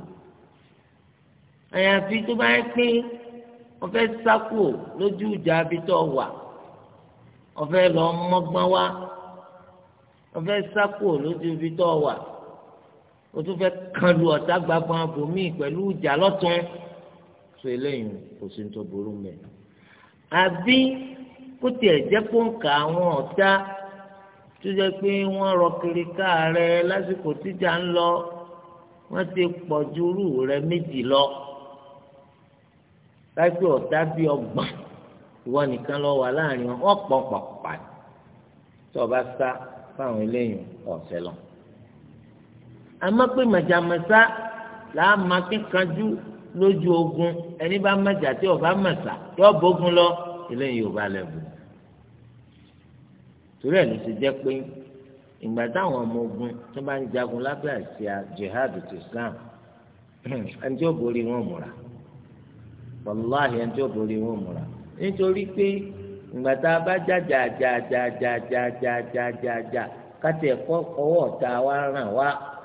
àyàfi tó bá ń pín wọ́n sákò lójú ìjà abitọ́ wà wọ́n lọ mọ́gbọ́n wá wọ́n sákò lójú abitọ́ wà wọ́n tún fẹ́ kanlu ọ̀tá gbàgbọ́n abòmíì pẹ̀lú ìjà lọ́tún so eléyìí kò sí tó burú mẹ àbí kó tiẹ̀ jẹ́ kó ń ka àwọn ọ̀tá tó jẹ́ pé wọ́n rọ kiri káàárẹ̀ lásìkò tíjà ń lọ wọ́n ti pọ̀ ju rú rẹ méjì lọ láìpẹ́ ọ̀tá bíi ọgbọ̀n ìwọ nìkan lọ wà láàrin wọn wọ́n pọ̀ pàpà tí ọba sá fáwọn eléyìí ọ̀sẹ̀ lọ àmọ́ pé màjàmẹ́sá làá máa kíkanjú. lójú ogun ẹni bá mẹjà tí ọba mẹsà yọ bógun lọ eléyìí ò bá lẹbù torí ẹ ló ti jẹ pé ìgbà táwọn ọmọ ogun tó bá ń jagun lábẹ́ àsíá jihad ti islam ẹni tí ó borí wọn múra wàláhì ẹni tí ó borí wọn múra nítorí pé ìgbà tá a bá jàjà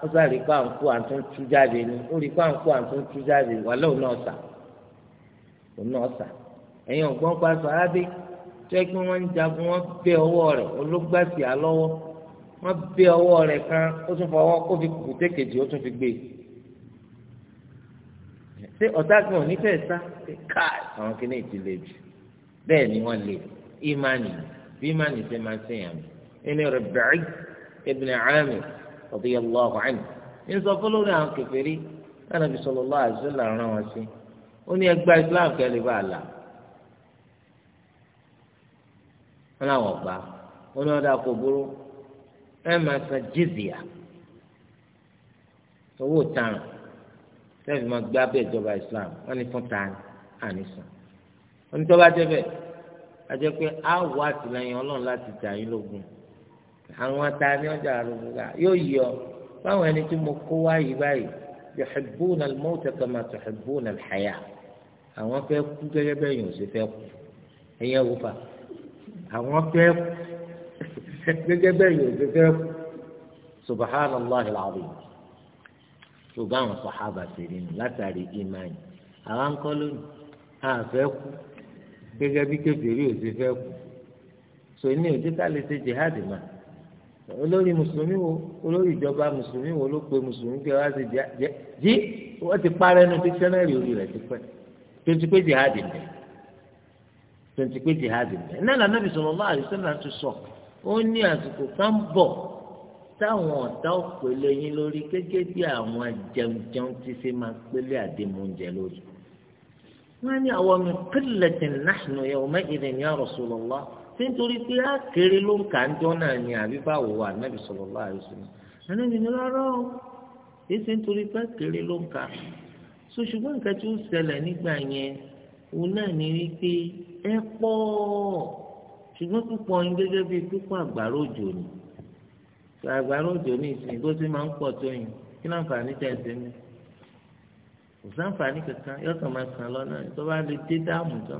ó sáré pa àǹkú àǹtó ń tú jáde ni ó rí pa àǹkú àǹtó ń tú jáde wà lóun náà sà òun náà sà ẹ̀yin ọ̀gbọ́n pa sàábì jẹ́ pé wọ́n ń jagun wọ́n bẹ́ ọwọ́ rẹ̀ ológbàsì alọ́wọ́ wọ́n bẹ́ ọwọ́ rẹ̀ kan ó tún fọwọ́ kó fi kùtẹ́ kejì ó tún fi gbé e ṣé ọ̀tá kan ò ní fẹ́ sá ká àwọn kìnìún ti le jù bẹ́ẹ̀ ni wọ́n le ìmánì bí ìmánì ṣe máa ń sèyàn mi ẹni rẹ̀ bẹ̀rẹ̀ ibn Amir radiyallahu anhu ń sọ fún lórí àwọn kèfèrí Ànábì sallallahu alaihi wasallam rán wọn sí ó ní ẹgbẹ́ islam kẹ́lẹ́ bá a là wọn làwọn gbà ó ní ọ̀dà kò burú ẹ máa san jizya owó tàn sẹ́fì máa gbé abẹ́ ìjọba islam wọ́n ní fún tàn àníṣàn onítọ́ bá jẹ́ bẹ́ẹ̀ a jẹ́ pé a wá àtìlẹ́yìn ọlọ́run láti jà yín lógun àwọn ta ni ọjà àrùbùgà yóò yọ báwọn ẹni tí mo kó wá yìí báyìí yuhibbuna al-mawta kama tuhibbuna al-haya àwọn fẹ́ kú gẹ́gẹ́ bẹ́ẹ̀ yìí ò sì fẹ́ kú ẹ̀yẹ wò fà àwọn fẹ́ kú gẹ́gẹ́ bẹ́ẹ̀ yìí ò sì fẹ́ kú subhanallah al-azim tó àwọn sàhábà ṣe rí nu látàrí ìmáyì àwọn ń àfẹ́ kú gẹ́gẹ́ bí kébèrè ò sì fẹ́ kú sọ ní òjúkà lè ṣe jihad máa olórí mùsùlùmí wo olórí ìjọba mùsùlùmí wo ló pe mùsùlùmí kí wọ́n á sì jẹ́ jí wọ́n ti parẹ́ nu dictionary orí rẹ̀ ti pẹ́ tó ti pé jihadi bẹ̀ tó ti pé jihadi bẹ̀ náà lànà bí sọ̀rọ̀ bá àdìsẹ́ náà ti sọ ó ní àsìkò kan bọ̀ táwọn ọ̀tá òpèlè yín lórí gẹ́gẹ́ bí àwọn jẹunjẹun ti ṣe máa pélé àdémúnjẹ lórí wọ́n á ní àwọn mi kílẹ̀ tì náà nù yẹ nítorí pé á kéré ló ń kà ń jọ náà ni àbí báwo wà nábì sọ̀rọ̀ bá àyè sọ̀rọ̀ ànábì ní rárá o èsì nítorí pé á kéré ló ń kà so ṣùgbọ́n nǹkan tí ó ṣẹlẹ̀ nígbà yẹn òun náà ní wípé ẹ pọ̀ ṣùgbọ́n púpọ̀ yín gẹ́gẹ́ bíi púpọ̀ àgbàrá òjò ni àgbàrá òjò ní ìsìn bó ti máa ń pọ̀ tó yín kí láǹfààní tẹ̀sí mi kò sáǹfààní kankan yọ̀ọ̀kan máa kàn lọ náà tó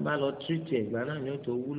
bá lè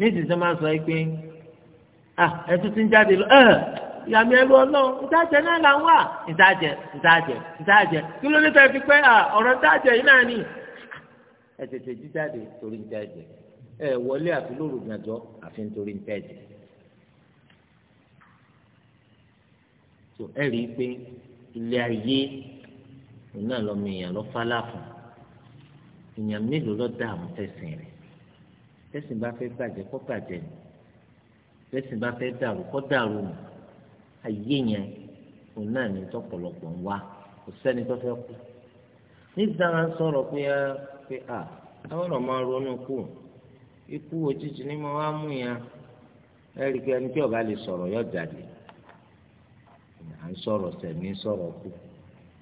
ní ìsinsìn máa sọ pé ah ẹtún ti ń jáde lọ ẹ ìyàmì ẹlú ọlọ́run ìtajà náà là ń wà ìtajà ìtajà ìtajà kí ló ní tẹ̀sí pé ọ̀rọ̀ ìtajà yìí náà ni ẹ tètè jíjáde torí ìtajà ẹ wọlé àfi lóru gànjọ àfi nítorí ìtajà tó ẹ rí i pé ilé ayé òun náà lọ́mọ èèyàn lọ́ fálá fún èèyàn mélòó rẹ̀ tẹ̀sìn bá fẹ́ bàjẹ́ kó bàjẹ́ ni tẹ̀sìn bá fẹ́ dàrú kó dàrú ni ayé yẹn òun náà ní tọ́pọ̀lọpọ̀ ń wá kò a pé a àwọn ọ̀rọ̀ máa ronú kù ikú òjijì ni mo wá mú yẹn ẹ̀rí pé ẹni tí ọba lè sọ̀rọ̀ yọ jáde à ń kù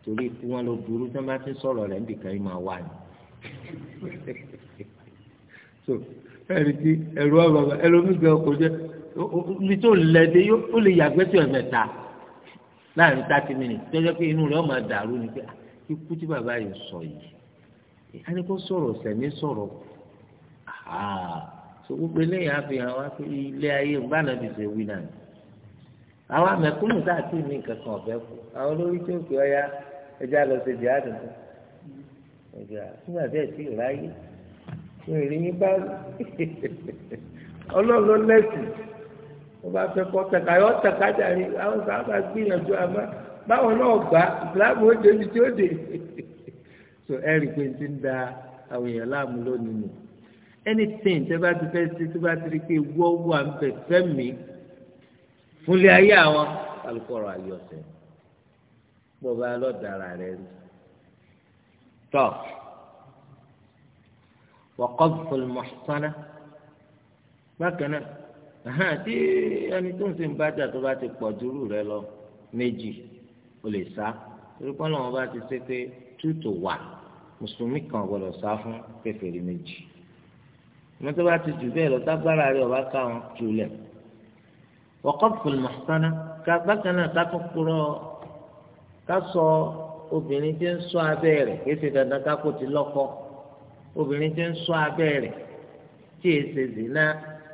torí ikú wọn ló burú tí wọn bá ti níbi ẹ̀rí tí ẹ̀rú àbàbà ẹlòmíì gan kò jẹ́ omi tó lẹ́dẹ̀ ó lè yàgbẹ́ sí ẹ̀mẹ́ta láàrin thirty minutes tó jẹ́ pé inú rẹ̀ ó dàrú ni pé ah, ikú tí bàbá yìí sọ yìí ẹni kó sọ̀rọ̀ sẹ̀mí sọ̀rọ̀ so gbogbo eléyìí àfihàn wa pé ilé ayé ìbánabì ṣe wí náà àwọn a ti kankan ọ̀fẹ́ kù àwọn olórí pè ya ìrì yín bá ọlọ́run lẹ́sìn wọ́n bá fẹ́ kọ́ tẹ̀ka yọ tẹ̀ka jàre àwọn sábà gbìyànjú àmọ́ báwọn náà gbà ìsìlámù ó dé tí ó dé so ẹ rí i pé ti ń da àwọn èèyàn láàmú lónìí nù anything tẹ bá ti fẹ́ ṣe tó bá ti rí i pé wọ́wọ́ à ń bẹ̀ fẹ́ mi fúnlé ayé àwọn alukọ̀rọ̀ ayé ọ̀sẹ̀ bọ́ba lọ́dàra rẹ̀ rí tọ́. وقذف المحصنة bákan náà hàn tí ẹni tó ń sin bàjá tó bá ti pọ̀ dúró rẹ lọ méjì ó lè sá torí pọ́n lọ́wọ́ bá ti ṣe pé two to one mùsùlùmí kan gbọ́dọ̀ sá fún kèfèrí méjì ìmọ̀ tó bá ti jù bẹ́ẹ̀ lọ tágbára rẹ ọba káwọn jùlẹ̀ وقذف المحصنة bákan náà ká tún kúrọ́ ká sọ obìnrin tí ń sọ abẹ́ rẹ̀ kí ṣe dandan ká kó ti lọ́kọ́. obìnrin ti ń sọ abẹ́ rẹ̀ tí e ṣe zina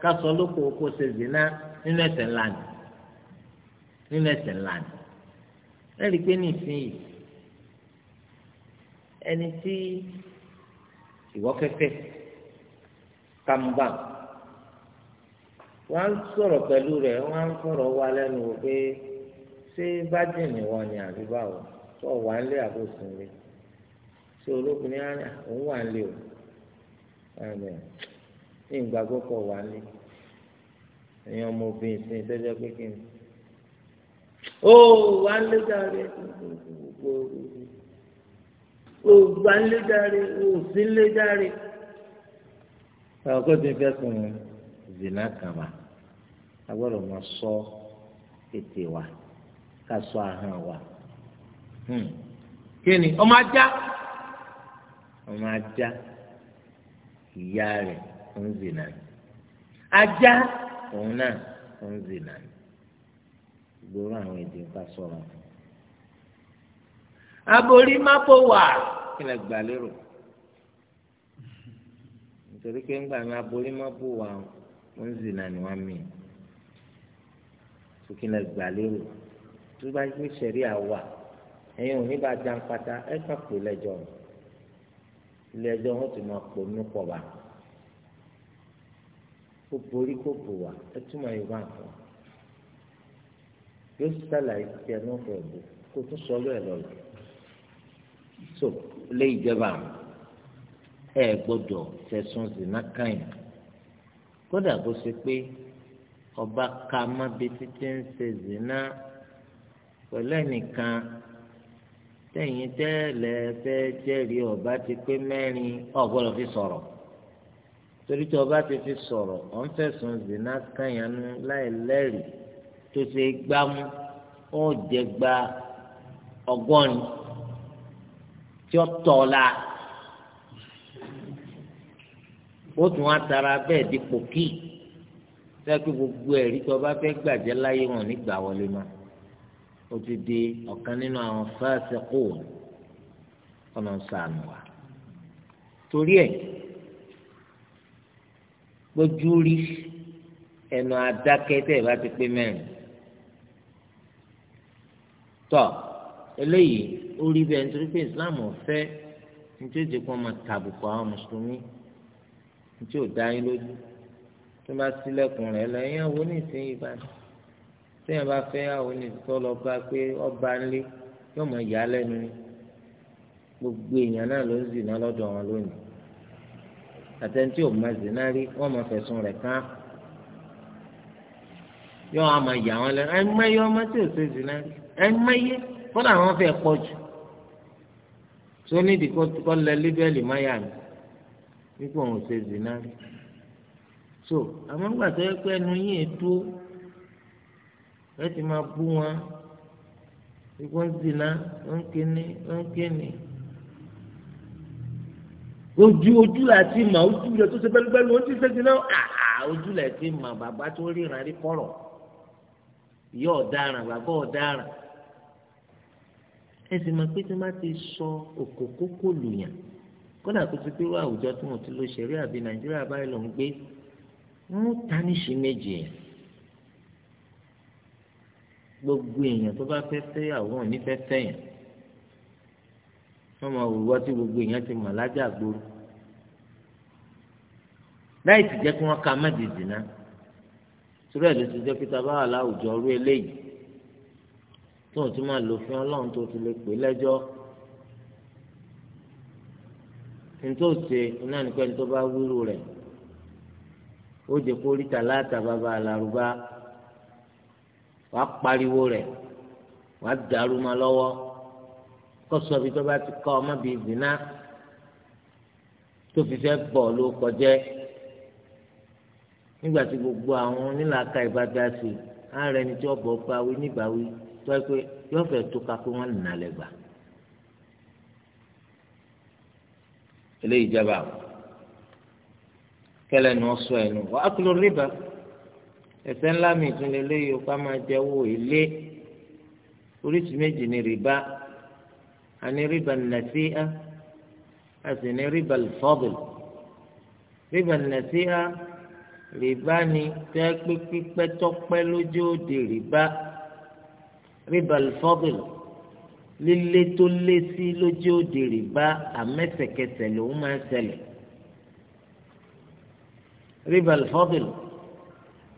kásọ lóko oko ṣe zina nínú ẹ̀ṣẹ̀ ńlá ni nínú ńlá ni ẹ ẹni tí ìwọ kàmbá wọn á sọ̀rọ̀ pẹ̀lú rẹ̀ wọn á fọ̀rọ̀ wá lẹ́nu wò pé ṣé bájìnì wọn ni àbí báwo tó wà ń lé àbòsùn ṣé o. ẹ̀rẹ̀ ní ìgbàgbọ́ kọ̀ wá lé ẹ̀yin ọmọbìnrin sí ìtọ́jọ́ pé kí ni. ó wà ń ó ó àwọn kò tí ń zina a sọ ètè wa ká sọ wa. ìyá rẹ̀ ń zìnà ni ajá òun náà ń zìnà ni gbogbo àwọn èdè ń bá sọ̀rọ̀ aborí mápò wà kí lè gbà lérò nítorí pé ńgbà mi aborí mápò wà ń zìnà ni wọ́n mí kí lè gbà lérò tó bá gbé sẹ̀rí àwà ẹ̀yin ò ní bá jẹun pátá ẹ̀ kàn pè lẹ́jọ́ mi. ilé ẹjọ́ wọn ti máa pò ní pọ̀ba kó borí kó bò wá ẹ túmọ̀ yorùbá nǹkan yóò sàlàyé ti ẹ náà fẹ́ bò kó tún sọ ọ́ ẹ̀ lọ́lọ́ so ilé ìjọba ẹ gbọ́dọ̀ fẹ̀sùn zina kain kódà kó ṣe pé ọba ká má bi títí ń ṣe zina pẹ̀lú ẹnìkan tẹ̀yìn tẹ́lẹ̀ fẹ́ jẹ́rìí ọba ti pé mẹ́rin ọ̀gbọ́dọ̀ fi sọ̀rọ̀ torí tí ọba ti fi sọ̀rọ̀ ọ̀ ń fẹ̀sùn zina kànyánú láì lẹ́rìí tó ṣe gbámú ó jẹ gba ọgọ́rin tí ó tọ̀ la ó tún á tara bẹ́ẹ̀ dípò kí sẹ́kì gbogbo ẹ̀rí tí ọba fẹ́ gbàjẹ́ láyé wọn nígbà wọlé máa ó ti di ọ̀kan nínú àwọn fasiqun ọ̀nà sànù wa torí ẹ̀ gbójú rí ẹnu adákẹ́ tẹ̀ bá ti pé mẹ́rin tọ́ eléyìí ó rí bẹ́ẹ̀ nítorí pé Islam ọ̀fẹ́ nítorí tí wọ́n máa tàbùkù àwọn mùsùlùmí nítorí ò dá yín lójú tó bá sílẹ̀kùn rẹ̀ lọ ẹ̀yìn àwọn oníṣẹ́ yìí báyìí sẹ́yìn bá fẹ́ àwọn onídìtọ́ lọ bá pé ọba ńlé yóò mọ ìyá lẹ́nu ni gbogbo èèyàn náà ló ń zì náà lọ́dọ̀ wọn lónìí àtẹ̀ntì ò máa zì náà rí wọ́n máa fẹ̀sùn rẹ̀ kán yóò á máa yà wọn lẹ́nu ẹ̀ mẹ́yẹ ọmọ tí ò ṣe zì náà rí ẹ̀ mẹ́yẹ kódà wọn fẹ́ pọ̀ jù tó nídìí kó lẹ líbẹ́ẹ̀lì máyà mi nípò òun ṣe zì rí so àmọ́ gbàtọ́ pé ẹnu yín ètò wọ́n ti máa bú wọn ikú ń zina ń kíni ń kíni ojú ojú láti mà ojú rẹ tó ṣe pẹ̀lúpẹ̀lú ó ti ṣe zina àhà ojú láti mà bàbá tó ríran rí kọ̀rọ̀ ìyá ọ̀daràn bàbá ọ̀daràn ẹ sì mọ̀ pé tí wọ́n bá ti sọ òkòkókò lùyàn kódà kó ti pé wọ́n àwùjọ tí wọ́n ti lo ṣẹ̀rí àbí nàìjíríà báyìí ló ń gbé ń taníṣì méje yẹn gbogbo èèyàn tó bá fẹ́ fẹ́yàwó ò ní fẹ́ fẹ́yàn wọ́n máa wùwọ́ tí gbogbo èèyàn ti mọ̀ lájà gbòòrò láì sì jẹ́ kí wọ́n ka mẹ́dìdì náà sórí ẹ̀ ti jẹ́ pé tá a bá wà láwùjọ ọrú eléyìí tó ń tún máa lò fún ọlọ́run tó ti lè pè lẹ́jọ́ nítòsí iná nìkan tó bá wúrú rẹ̀ ó jẹ́ kó rí tàlátà bàbá alárúbá wàá pariwo rẹ̀ wàá dàrú ma lọ́wọ́ kọsọ bí tó bá ti kọ ọmọ bíi zina tó fi fẹ́ bọ̀ ló kọjẹ nígbà tí gbogbo àwọn onílàáka ìbàdà sí ààrẹ ni tí ọbọ báwí níbàwí tó ẹ pé yóò fẹ́ tó ká pé wọn nà lẹgbàá. eléyìí jábà kẹlẹ ni wọn sọ ẹnu wàá kúló rìbá ẹ̀ṣẹ̀ ńlá mi ìtúnlẹ lóye o ká máa jẹ owó èlé oríṣìí méjì ni rìbá a ní rìbá nàṣíà a sì ní rìbá fọbìl rìbá nàṣíà rìbá ni tẹ pípẹ́ tọpẹ́ lójú òde rìbá rìbá fọbìl lílé tó lé sí lójú òde rìbá àmẹ́sẹ̀kẹsẹ̀ lòún máa ń ṣẹlẹ̀ rìbá fọbìl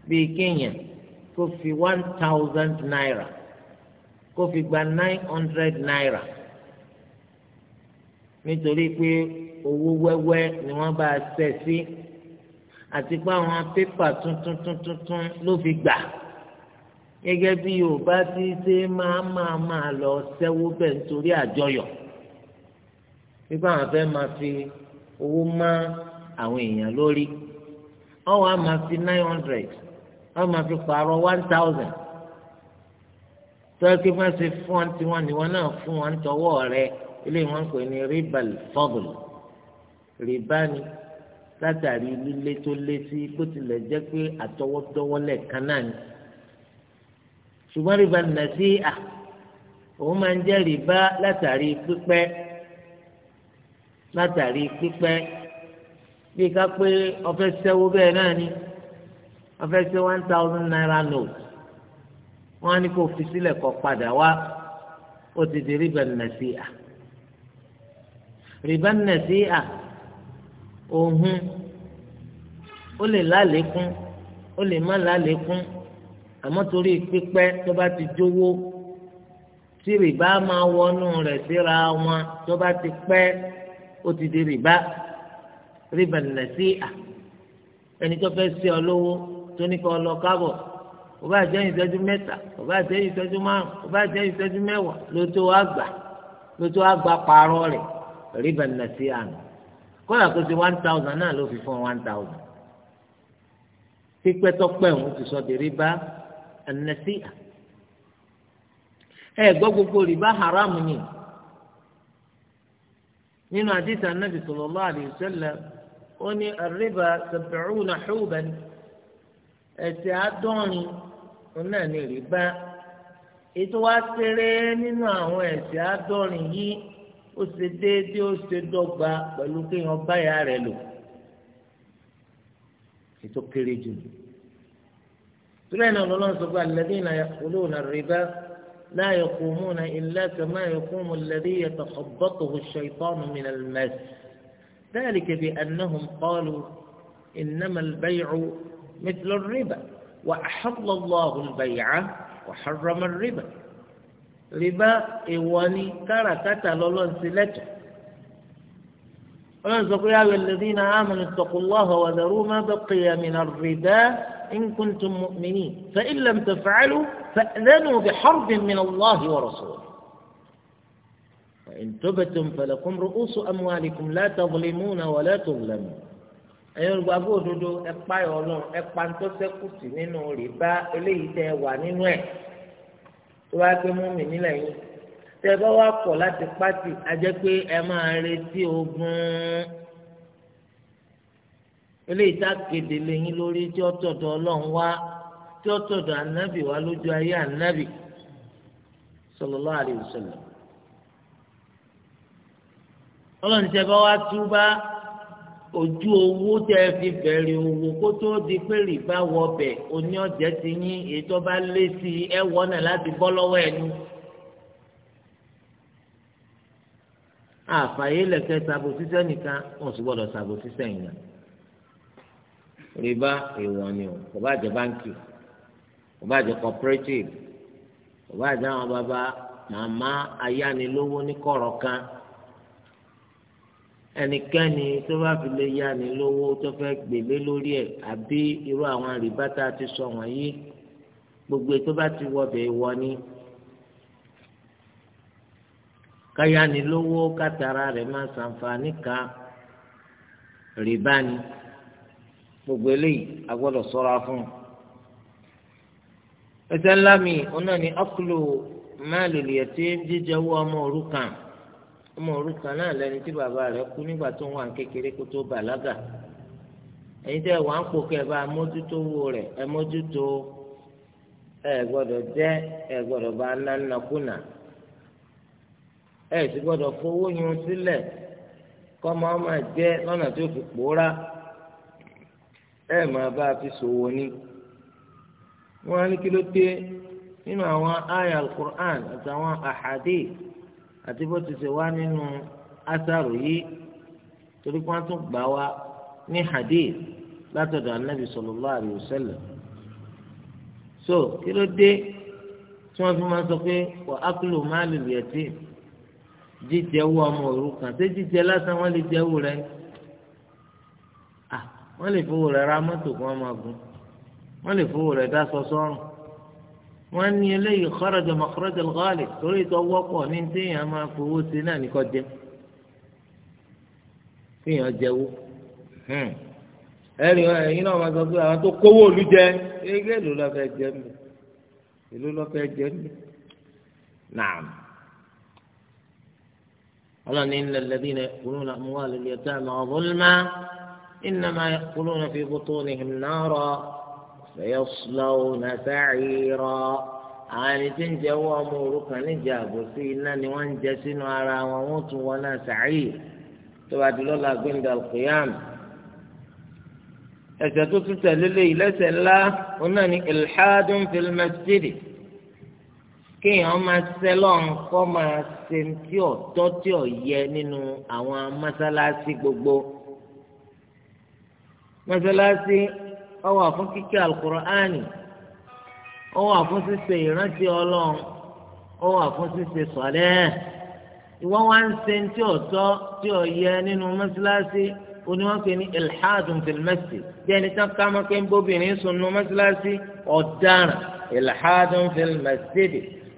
bíi kéèyàn kó fi one thousand naira kó fi gba nine hundred naira nítorí pé owó wẹ́wẹ́ ni wọ́n bá ṣẹ̀ sí àti pé àwọn pépà tuntun tuntun tún ló fi gbà gẹ́gẹ́ bí yorùbá ti ṣe máa máa máa lọ sẹ́wó bẹ́ẹ̀ nítorí àjọyọ̀ pípa àwọn fẹ́ máa fi owó má àwọn èèyàn lórí ọ̀wọ́ á máa fi nine hundred wọ́n máa fi pààrọ̀ one thousand tọ́kí máa ṣe fún ọtí wọn ni wọn náà fún wọn tọwọ́ rẹ ilé wọn pè ní ribal fọ́bùl rìbá ni látàrí lílé tó lé sí bó tilẹ̀ jẹ́ pé àtọwọ́dọ́wọ́ lẹ́ẹ̀kan náà ni ṣùgbọ́n rìbá nà sí à òun máa ń jẹ́ rìbá látàrí pípẹ́ látàrí pípẹ́ bí ká pé ọfẹ́ sẹ́wó bẹ́ẹ̀ náà ni wọ́n fẹ́ ṣe one thousand naira note wọ́n á ní kó fi sílẹ̀ kó padà wá ó ti di rìbá nàṣíà rìbá nàṣíà òhun ó lè lálékún ó lè má lálékún àmọ́ torí pípẹ́ tó bá ti jówó tí rìbá máa wọnú rẹ̀ síra wọn tó bá ti pẹ́ ó ti di rìbá rìbá nàṣíà ẹni tó fẹ́ ṣe ọ lówó tó ní kọ́ lọ kábọ̀ kò bá jẹ́ ìṣẹ́jú mẹ́ta kò bá jẹ́ ìṣẹ́jú márùn kò bá jẹ́ ìṣẹ́jú mẹ́wàá ló tó wá gbà ló tó wá gbà pààrọ̀ rẹ̀ rìbá nà sí àná kọ́lá kó ti one thousand náà ló fi fún one thousand pípẹ́tọ́pẹ́ òun ti sọ di rìbá nà à ẹ gbọ́ gbogbo rìbá haram ni nínú àdìsá nàbì sallallahu alaihi wasallam ó ní rìbá sab'una huban ni. ẹ̀sẹ̀ adọrin òun náà ní rìbá ètò wa kéré nínú àwọn ẹ̀sẹ̀ adọrin yìí ó ṣe déédéé ó ṣe dọ́gba pẹ̀lú kéèyàn báyà rẹ̀ lò ètò kéré jù lọ́lọ́ kúló na náà ẹsẹ̀ máyè kó mu سبحانه الذين يأكلون الربا لا يقومون إلا كما يقوم الذي يتخبطه الشيطان من المس ذلك بأنهم قالوا إنما البيع مثل الربا وأحل الله البيع وحرم الربا ربا إيواني كاركاتا لولون سلتا ونزق يا الذين آمنوا اتقوا الله وذروا ما بقي من الربا إن كنتم مؤمنين فإن لم تفعلوا فأذنوا بحرب من الله ورسوله وإن تبتم فلكم رؤوس أموالكم لا تظلمون ولا تظلمون ẹ̀yin olùgbàgbọ́ òdodo ẹ páyọ̀ ọlọ́run tó sí nínú rẹ̀ bá eléyìí tẹ wà nínú ẹ tó bá gbé mọ́mì nílẹ̀ yìí tẹ́ bá wà pọ̀ láti pátì á pé ẹ máa retí eléyìí tá kéde lórí tí ó tọ̀dọ̀ ọlọ́run wá tí ó tọ̀dọ̀ ànábì wá lójú ayé bá wà ojú owó tẹ́ fi bẹ̀rẹ̀ owó kó tó di pé rìbá wọ bẹ̀ oní ọ̀jẹ̀ ti yín ètò bá lé sí ẹ wọ́nà láti bọ́ lọ́wọ́ ẹ̀ nu. àfààyè lẹ̀kẹ́ sàbò sísẹ́ nìkan wọ́n sì gbọ́dọ̀ sàbò sísẹ́ yìí rìbá èèwọ̀ ni o kò bá jẹ́ báńkì kò bá jẹ́ cooperative kò bá jẹ́ àwọn bàbá màmá ayánilówó ní kọ̀rọ̀ kan ẹnikẹ́ni tó bá fi lè ya ni lówó tó fẹ́ gbèlé lórí ẹ̀ àbí irú àwọn àríbátà ti sọ wọ̀nyí gbogbo tó bá ti wọbẹ̀ wọ ni káya ni lówó kátàrà rẹ̀ máa ṣàǹfààní kan rìbá ni gbogbo eléyìí a gbọ́dọ̀ ṣọ́ra fún un. ẹsẹ̀ ńlá mi ọ̀nà ni akulu máàlì lìyẹ̀ tí ń jíjẹ owó ọmọ òrukàn ọmọ òrukàn náà lẹni tí bàbá rẹ̀ kú nígbà tó ń wà kékeré kó tó bàlágà ẹ̀yin tẹ́ wàá ń pò kẹ́ ẹ bá mójútó wo rẹ̀ ẹ mójútó ẹ gbọ́dọ̀ jẹ́ ẹ gbọ́dọ̀ bá nánàkúnà ẹ sì gbọ́dọ̀ fowó yun sílẹ̀ kọ́ máa máa jẹ́ lọ́nà tó fi pòórá ẹ máa bá a fi ṣòwò ni wọ́n á ní kí ló dé nínú àwọn àyà alukur'an àti àwọn àhàdé àti bó ti ṣe wá nínú asaro yìí torí pé wọ́n tún gbà wá ní hadith látọ̀dọ̀ anabi sallallahu alaihi so kí ló dé tí wọ́n fi máa sọ pé wà á kúlò má lè lè tì jíjẹ owó ọmọ òrukàn ṣé jíjẹ lásán wọ́n lè jẹ owó rẹ ah, wọ́n lè fowó rẹ ra mọ́tò kan máa gùn wọ́n lè fowó rẹ dá sọ sọ́rùn. wọ́n ní eléyìí kharaja makhraja al-ghalib torí ìtọ́ wọ́pọ̀ ní téèyàn máa fowó sí náà ní kọjá kéèyàn jẹ́wó ẹ̀rí ẹ̀yin náà máa sọ pé àwọn tó kówó òlu jẹ ege èlò lọ fẹ́ jẹ mi èlò lọ fẹ́ jẹ mi naam ọlọ́ni innal ladhina ya'kuluna amwala al-yatama zulman innama ya'kuluna fi butunihim nara. فيصلون سعيرا àwọn tí ń jẹ wọ ọmọ òrukàn níjà àbòsí iná ni wọn ń jẹ sínú ara wọn wọn tún wọn náà sàárì tó bá di lọ́la gbẹ̀ndà kìyàm ẹ̀ṣẹ̀ tó tún tẹ̀lé lé ìlẹ́ṣẹ̀ ńlá wọn náà ní ilhadun fil masjidi kéèyàn máa sẹ́lọ̀n kọ́ máa ṣe tí ò tọ́ tí ò yẹ nínú àwọn mọ́sálásí gbogbo mọ́sálásí ó wà fún kíké alukur'ani ó wà fún ṣíṣe ìrántí ọlọ́run ó wà fún ṣíṣe sọ̀lẹ́ ìwọ́n wá ń ṣe tí ò tọ́ tí ò yẹ nínú mọ́ṣáláṣí oníwọ́npẹ̀ ní ilhadun filimẹ́sì jẹ́ni tán ká máa pé ń bóbìnrin sùn nínú mọ́ṣáláṣí ọ̀daràn ilhadun filimẹ́sì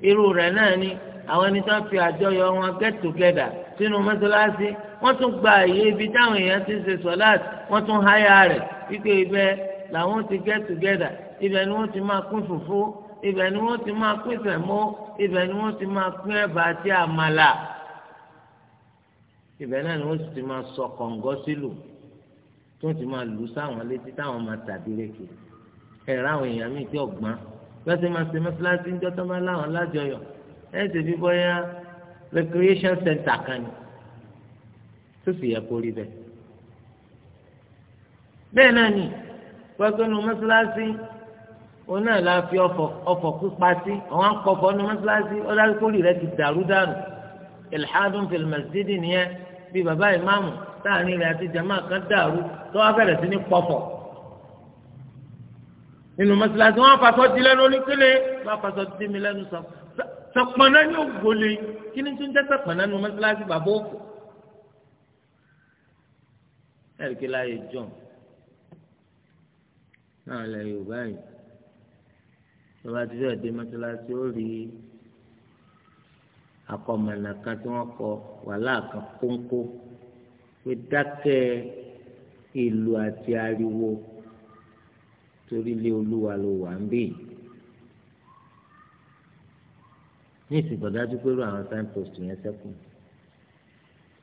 irú rẹ̀ náà ni àwọn ẹni tó fi àjọyọ̀ wọn get together sínú mọ́ṣáláṣí wọ́n tún gba àyè ibi táwọn èèyàn ti ń ṣe sọ́láàtì wọ́n tún háyà rẹ̀ wípé ibẹ̀ làwọn ti get together ibẹ̀ ni wọ́n ti máa pín fùfú ibẹ̀ ni wọ́n ti máa pín sẹ̀mó ibẹ̀ ni wọ́n ti máa pín ẹ̀bà àti àmàlà ibẹ̀ náà ni wọ́n ti máa sọ kọ̀ǹgọ́ sílù tí wọ́n ti máa lù sáwọn létí táwọn máa tàbílẹ̀ kiri ẹ̀rọ àwọn èèyàn míì tí ọ̀gbọ́n lọ́sí máa ṣe mọ́ṣáláṣí ńjọ́ tó máa láwọn lájọyọ̀ ẹ̀ ṣe bí bọ́yá recreation center kan ni tó sì yẹ kó rí bẹ́ẹ̀. bẹ́ẹ̀ náà ni pẹ́ẹ́kẹ́ nu mọ́sálásí òun náà la fi ọfọ̀ pípa sí àwọn akpọ̀fọ̀ nu mọ́sálásí ọ̀dájú kórìí rẹ ti dàrú dànù ilhadun fil masjid nìyẹn bíi bàbá ìmáàmù táàrin rẹ àti jama kan dàrú tó wá bẹ̀rẹ̀ sí ní pọ̀fọ̀ nínú mọ́sálásí wọn afasọ di lẹ́nu oníkele wọn afasọ di mi lẹ́nu sọ sọpọnà yóò gbólé kí ni tó ń jẹ́ sọpọnà nu mọ́sálásí bàbá òkú ẹ̀ríkì láyé john náà lẹ yorùbá yìí bàbá tí fẹ́ẹ́ dé mọ́ṣáláṣí ó rí akọmọ̀nà kan tí wọ́n kọ wàhálà kan kónkó pé dákẹ́ ìlú àti ariwo torí ilé olúwa ló wà ń bì ní ìsìnkọ̀dájú pé irú àwọn signpost yẹn sẹ́kù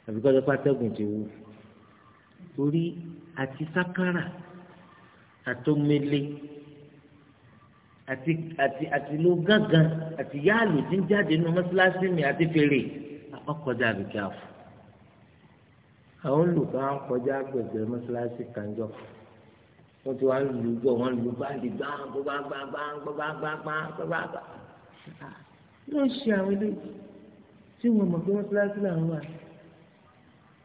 àbíkọ́jọ́ pátẹ́gùn ti wù torí àti sákàrà àtọmẹlẹ àti àti àti ló gángan àti yáàlù tí ń jáde nínú mọ́ṣáláṣí mi àti fèrè ọkọjá àbíkẹ́ àfọ̀ àwọn olùkọ́ àwọn kọjá àgbègbè mọ́ṣáláṣí kanjọ́ wọ́n ti wá ń lu gbọ́ wọ́n lu báàlì gbàngbàngbàngbàngbàngbàngbàngbà ló ń ṣe àwọn eléyìí tí wọ́n mọ̀ pé mọ́ṣáláṣí làwọn wà.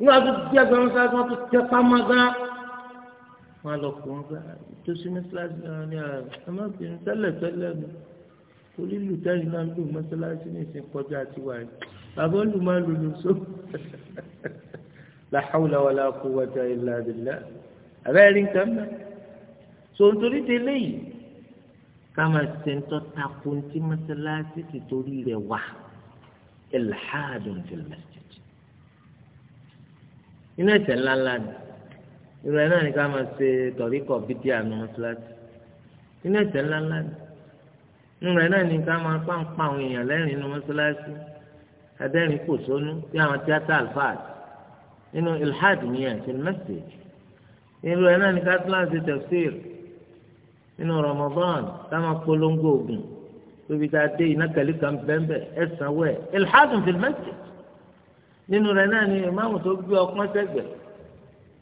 wọ́n á tún jẹ́ gbọ́n mọ́ṣáláṣí wọ́n tún jẹ́ pàmò gan-an wọn lọ kó wọn gbà ah, tó sí mọ́sálásí náà ní àrà ah, ọmọbìnrin tẹ́lẹ̀ tẹ́lẹ̀ mi torí lù tẹ́yìn náà lù mọ́sálásí ní ìsìn kọjá àti wáyé bàbá lù má lù lù só la hawla wala quwwata illa billah àbẹ́ rí nǹkan mẹ́ so nítorí délé yìí ká máa ṣe ń tọ́ takò tí mọ́sálásí ti torí rẹ̀ wá ilhadun fil masjid iná ẹ̀sẹ̀ ńláńlá ni ìrọ̀ náà ni ká máa ṣe tọ̀ríkọ̀ bídí àná mọ́ṣáláṣí nínú ẹ̀sẹ̀ ńláńlá ni ìrọ̀ náà ni ká máa pàǹpà àwọn èèyàn lẹ́rìn inú mọ́ṣáláṣí adẹ́rìn kò sónú bí àwọn tíátà alfaad nínú ilhad nìyẹn ti mẹ́sẹ̀j ìrọ̀ náà ni ká tún láti tafsir nínú Ramadan ká máa polongo ogun tóbi tá a dé iná kẹlí kan bẹ́ẹ̀ ẹ̀sán wẹ̀ ilhad fi mẹ́sẹ̀j nínú rẹ̀ náà ni ìmáàmù tó gbé ọpọ́n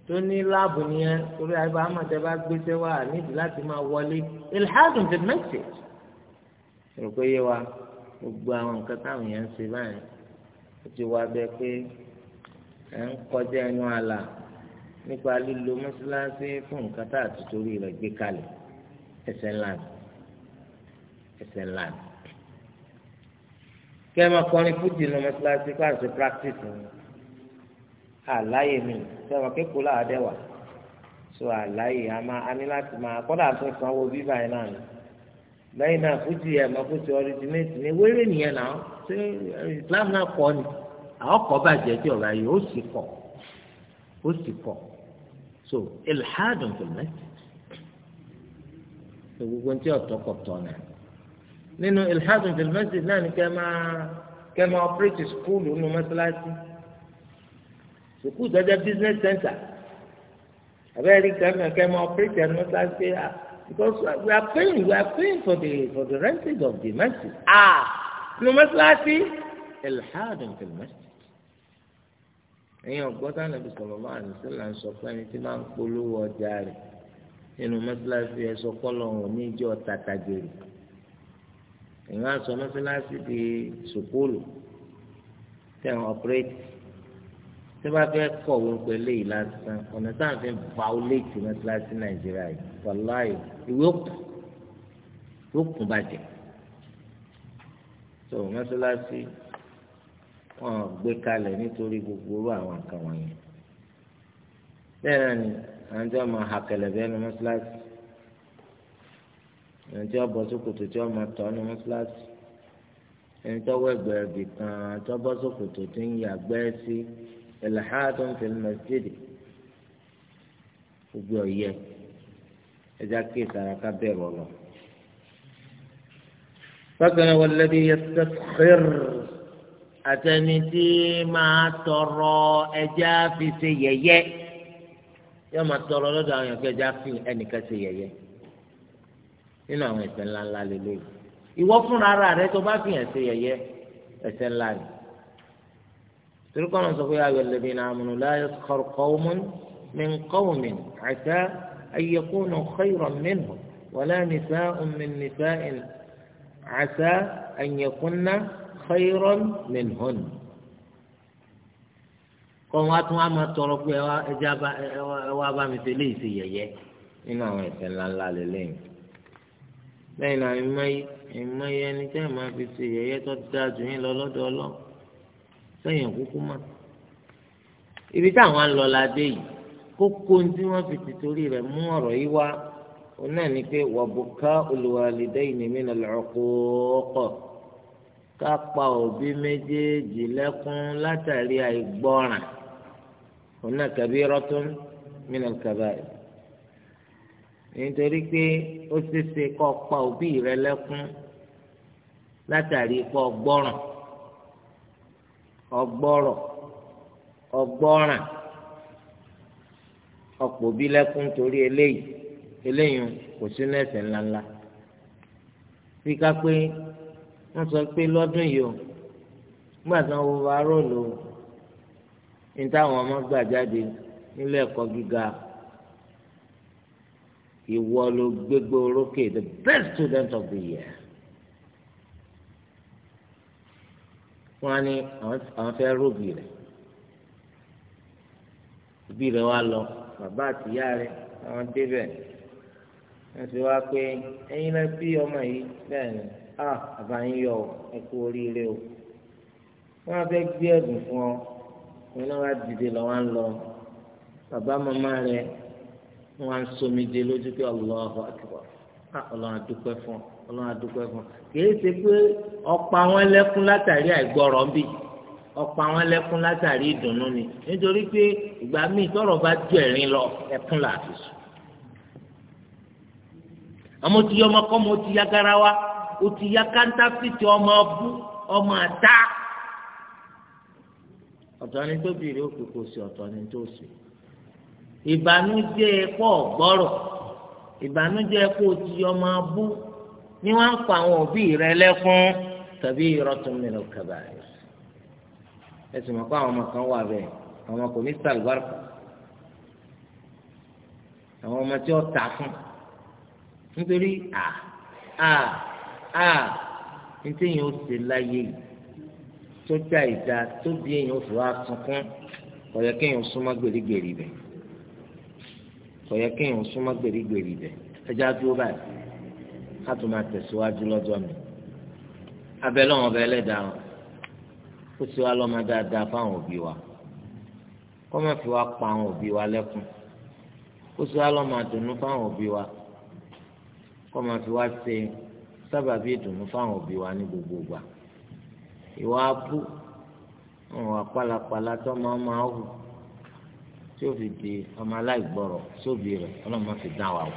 tó ní láàbù nìyẹn torí àyíká àmọ̀tẹ́ bá gbéṣẹ́ wá nídìí láti máa wọlé ilhadun the message rò pé yé wa gbogbo àwọn nǹkan táwọn èèyàn ń ṣe báyìí ó ti wá bẹ pé ẹ̀ ń kọjá ẹnu àlà nípa lílo mọ́ṣáláṣí fún nǹkan tá a ti torí rẹ̀ gbé kalẹ̀ ẹsẹ̀ ńlá ni ẹsẹ̀ ńlá ni kí ẹ máa kọrin fújì ní mọ́ṣáláṣí fún àti practice ni àláyé mi sẹ́wọ̀n kékeré làádẹ́wà so àláyé a máa a ní láti máa kọ́dà tó sanwó bíbá yẹn náà ni lẹ́yìn náà fújì ẹ̀ mọ́ fújì ọ̀rìjìnẹ́tì ni wéré nìyẹn náà ṣé Islam náà kọ́ ni àwọn kọ́ bàjẹ́ tí ọ̀rọ̀ ayé ó sì kọ̀ ó sì kọ̀ so ilhadun fil masjid gbogbo ntí ọ̀tọ̀ kọ̀tọ̀ náà nínú ilhadun fil masjid náà ni kẹ́ máa kẹ́ máa ọ̀pẹ́rẹ́tì skúlù nínú mọ́sálásí sùkúù ìtọ́jà business center abẹ́rẹ́ kẹ́mi kẹ́mi ọ̀pẹ́tẹ̀ ẹ̀nu ta ṣe à because we are paying we are paying for the for the renting of the mosque ah nu mọ́sálásí ilhadun fi mọ́sálásí ẹ̀yin ọ̀gbọ́n tá nàbì sọ̀rọ̀ máa ní sílẹ̀ ń sọ pé ẹni tí máa ń polówó ọjà rẹ̀ nínú mọ́sálásí ẹ̀sọ́ kọ́lọ̀ ọ̀hún ní ìjọ tàtà gèrè ẹ̀yin á di sùkúlù tẹ̀ ń ọ̀pẹ́rẹ́tì tí bá fẹ́ kọ̀ wọ́n pé léyìí lásán ọ̀nà tá à ń fi violate mọ́tíláṣí nàìjíríà yìí wàláì ìwé òkun yóò kún bàjẹ́ tó mọ́tíláṣí wọn gbé kalẹ̀ nítorí gbogbo orú àwọn nǹkan wọ̀nyẹn bẹ́ẹ̀ náà ni àwọn tí wọ́n máa ha kẹlẹ̀bẹ́ nu mọ́tíláṣí àwọn tí wọ́n bọ́ sókòtò tí wọ́n máa tọ́ nu mọ́tíláṣí ẹni tọ́wọ́ ẹgbẹ́ ibì kan tọ́bọ́ sókòtò tí ń yàgbẹ́ sí ìlàhàdù ń fi mẹsídìí gbogbo ọ̀yẹ́ ẹja kí ìsaraka bẹ̀rù ọ̀lọ́. bákan náà wọlé bí yẹtẹkẹr àtẹni tí máa tọrọ ẹja fi ṣe yẹ̀yẹ́ yóò máa tọrọ lọ́dọ̀ àwọn èèyàn kí ẹja fi ẹnìkan ṣe yẹ̀yẹ́ nínú àwọn ẹ̀ṣẹ̀ ńláńlá lélẹyìí ìwọ fúnra rẹ tó bá fi hàn ṣe yẹ̀yẹ́ ẹ̀ṣẹ̀ ńlá ni torí kọ́nà sọ pé ayọ̀ lẹ́bi náà amúnú láyé kọ́rọ̀ kọ́wọ́mọ́n min kọ́wọ́mìn àti ayẹkùnú xeyìrọ̀ mẹ́nu wọlé nìfẹ́ min nìfẹ́ àti ayẹkùnú xeyìrọ̀ mẹ́nu kọ́ wa tún wá máa tọrọ pé ẹja ẹwà bá mi ṣe léyìí ṣe nínú àwọn ẹ̀ṣẹ̀ ńláńlá lélẹ́yìn lẹ́yìn náà ìmọ̀ ẹni tẹ́ ẹ̀ máa fi ṣe yẹ̀yẹ́ tó dáa jù yín lọ lọ́dọ̀ sẹ́yìn òkúkú mọ́ ibi táwọn ń lọ la dé yìí kókó tí wọ́n fi tìtorí rẹ̀ mú ọ̀rọ̀ yìí wá òun náà ni pé wàbùká olùwàlídẹ́yìn mi nà lọ́kọ̀ọ́kọ̀ ká pa òbí méjèèjì lẹ́kún látàrí àìgbọ́ràn òun náà kàbí rọ́tún mi nà kàbáyé nítorí pé ó ṣeéṣe kó pa òbí rẹ̀ lẹ́kún látàrí kó gbọ́ràn. ọgbọràn ọgbọ́ràn ọ̀pọ̀ bí lẹ́kún torí eléyìí eléyìí kò sínú ńláńlá pé pé lọ́dún yìí o nígbà tí wọ́n ní nílé gíga ìwọ orókè the wọn á ní àwọn fẹ́ róbì rẹ̀ òbí rẹ̀ wá lọ bàbá àtìyá rẹ̀ àwọn débẹ̀ wọ́n ti wá pé ẹ̀yin náà bí ọmọ yìí bẹ́ẹ̀ ni a ah, bàbá yín yọ ẹ oríire o wọ́n á fẹ́ gbé ẹ̀bùn fún ọ wọn náà wá dìde lọ́wọ́ ń lọ bàbá màmá rẹ̀ wọ́n á ń somi de lójú pé Allahu Akbar ah, Ọlọ́run á dúpẹ́ fún ọ ọlọ́run àdúgbò ẹ̀fọn kìí ṣe pé ọ̀pọ̀ àwọn ẹlẹ́kún látàrí àìgbọ́rọ̀ ń bì ọ̀pọ̀ àwọn ẹlẹ́kún látàrí ìdùnnú ni nítorí pé ìgbà míì tọ́rọ̀ bá ju ẹ̀rín lọ ẹkún là fi sùn. àmọ́ ti yọ ọmọ kọ́ mo ti ya garawa o ti ya kántáfìtì ọmọ bú ọmọ àdá ọ̀tọ̀ ni tó bìrì ó kókó sí ọ̀tọ̀ ni tó sì ìbànújẹ́ ẹ̀kọ́ ọ̀gbọ́rọ̀ ìbànújẹ́ ẹ̀kọ́ ti yọ ọmọ bú ni wọ́n ń pa àwọn òbí rẹ lẹ́kún tàbí irọ́ tó mìíràn kaba ẹ̀sìn mọ̀ pé àwọn ọmọ kan wà bẹ́ẹ̀ àwọn ọmọ kò ní sàlùbáràkà àwọn ọmọ tí ó ta fún nítorí à à à nítorí èèyàn ó ṣe láyé tó dá ìdá tó di èèyàn ó fi wá sunkún kò yẹ kéèyàn súnmọ́ gbèrígbèrí bẹ̀ kò yẹ kéèyàn súnmọ́ gbèrígbèrí bẹ̀ ẹja dúró báyìí a tún máa tẹ̀síwájú lọ́jọ́ mi abẹ́lẹ́ wọn bẹ ẹlẹ́dàá wọn ó sì wá lọ́mọ dáadáa fáwọn òbí wa kọ́ má fi wá pa àwọn òbí wa lẹ́kùn ó sì wá lọ́mọ àdùnnú fáwọn òbí wa kọ́ má fi wá ṣe sábàbí ìdùnnú fáwọn òbí wa ní gbogbo ìgbà ìwà abú àwọn àpàlàpàlà tó máa máa hù tí ó fi di ọmọ aláìgbọràn sóbì rẹ ọlọ́mọ fi dá wa wò.